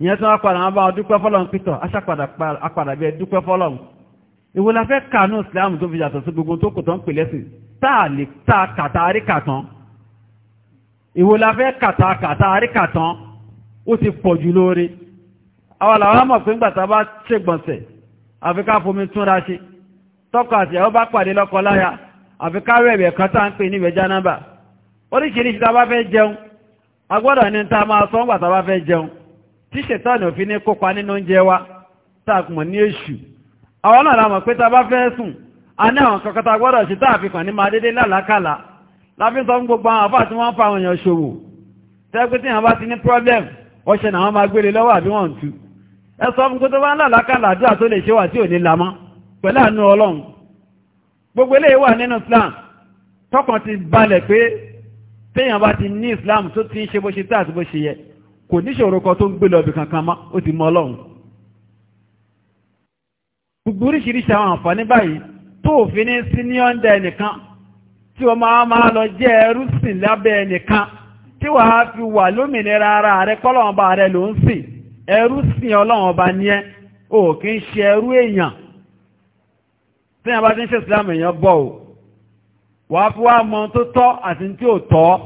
ìyẹn tó wá padà máa bá wọn dúpẹ́ fọ́lọ́run pítọ̀ aṣàpadà bẹ́ẹ̀ dúpẹ́ fọ́lọ́run ìwò la fẹ́ kànú Islam tó fi yàtọ̀ sí gbogbo tó kù tán pè lẹ́sìn táà lè ta kàtà àríkà tán ìwò la fẹ́ kàtà kàtà àríkà tán ó ti pọ̀ jù lóore àwọn làwọn mọ̀ pé ńgbà tá a bá ṣègbọ̀nsẹ̀ àfi ká fomi túnra ṣe tọkọ àti ẹ̀ ó bá pàdé lọ́kọ láya àfi ká rẹ̀ ẹ̀bẹ̀ kan tá à ń pè ní ìwẹ̀já náà oríṣiríṣi tá a bá fẹ́ jẹun a gbọ́dọ̀ ní tá a máa sọ ńgbà tá a bá fẹ́ jẹun tí ṣètọ́nì òfin ní kópa nínú oúnjẹ wa tá ní èṣù àwọn náà la mọ̀ pé tá a bá fẹ́ sùn a ní àwọn kankan tá a gbọ́dọ̀ ní máa dédé lálàákàlà láfi gbogbo àwọn àfáà tí wọ́n fa àwọn èèyàn ṣòwò tẹ́gbẹ́ tí problem ọṣẹ náà wọ́n máa gbélé lọ́wọ́ àbí wọ́n ń tu ẹ sọ fún kótó bá ń lálàákàlà àdúrà tó lè ṣe wà tí ò téèyàn bá ti ní islam tó ti ń ṣe bó ṣe tá àti bó ṣe yẹ kò níṣòro kan tó ń gbé lọ́bì kankan mọ́ ó ti mọ ọlọ́run gbogbo oríṣiríṣi àwọn àǹfààní báyìí tó òfin ní sí ní ọ́ndà ẹnìkan tí wọ́n máa máa lọ jẹ́ ẹrú sìn lábẹ́ ẹnìkan tí wàá fi wà lómìnira ara rẹ kọ́lọ́run ọba rẹ ló ń sìn ẹrú sìn ọlọ́run ọba ni ẹ́ o kì í ṣe ẹrú èèyàn téèyàn bá ti ń ṣe islam èèyàn bọ́ wà á fi wá mọ tó tọ́ àti tí ò tọ́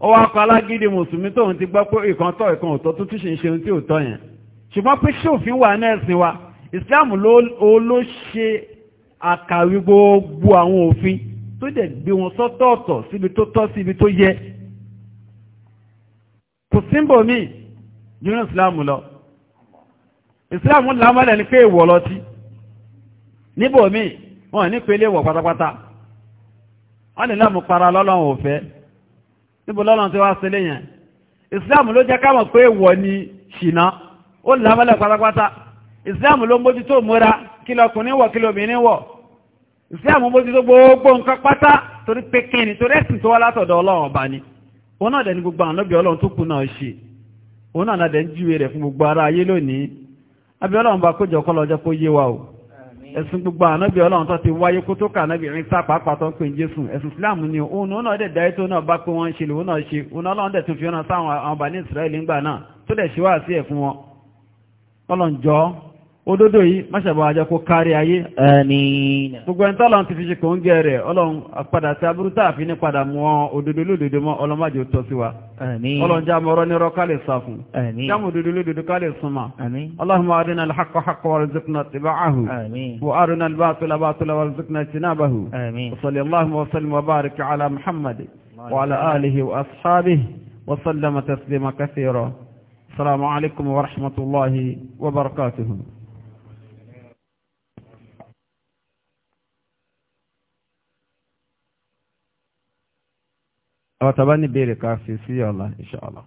ó wá kọ alágídí mùsùlùmí tóun ti gbọ́ pé ìkan tọ́ ìkan ò tọ́ tó tún ṣe ń ṣe ohun tí ò tọ́ yẹn ṣùgbọ́n pé ṣòfin wà náà sí wa Islam ló ṣe àkàwé gbogbo àwọn òfin tó dẹ̀ gbé wọn sọ́tọ̀ọ̀tọ̀ síbi tó tọ́ síbi tó yẹ kò símbò míì nínú Islam lọ Islam làmọ́lẹ̀ ní pé ìwọ̀ lọ sí níbò míì ní pé ilé pátápátá wọ́n lè láàmù para lọ́lọ́run fẹ́ níbo lọ́lọ́run tí wá sílé yẹn islam ló jẹ́ kámọ̀ pé wọ̀ ni ṣìnà ó lámọ́lẹ̀ pátápátá islam ló mójútó múra kí lọkùnrin wọ̀ kí lóbìnrin wọ̀ islam mójútó gbogbo nǹkan pátá torí pé kíni torí ẹ̀sìn tó wá látọ̀dọ̀ ọlọ́run ọba ni òun náà dẹni gbogbo àwọn ọlọ́bì ọlọ́run tó kù náà ṣe òun náà dẹni júwe rẹ̀ fún gbogbo ara ayé lónìí abẹ́ ọlọ́run bá kójọ kọ́ lọ́jọ́ kó yé wa o ẹ̀sùn gbogbo ànábì ọlọ́run tó ti wáyé kó tó kà nábì rin sápá pàtó pé jésù ẹ̀sùn islam ni òun náà dẹ̀ dáyé tó náà bá pé wọ́n ń ṣe lòun náà ṣe òun ọlọ́run dẹ̀ tún fi ọ̀nà sáwọn àwọn bàní ìsírẹ́lì ńgbà náà tó dẹ̀ ṣe wá sí ẹ̀ wọn ọlọ́njọ́ òdodo yìí máṣàbà àjọ kó kárí ayé àmín gbogbo ẹni tọ́lọ́n ti fi ṣe kò ń gẹ̀ rẹ̀ ọlọ́run padà sí abúrútà àfi ní padà mú ọ òdodo lódodo mọ́ ọlọ́májò tọ́ sí wa àmín ọlọ́run já mọ́rọ́ nírọ́ ká lè sá fún àmín já mọ́ òdodo lódodo ká lè súnmọ́ àmín Allahumma arina al-haqqa haqqan warzuqna ittiba'ahu àmín wa arina al-batila batilan warzuqna àwọn tàbá ní ìbéèrè ká fi sí ọ̀la insha Allah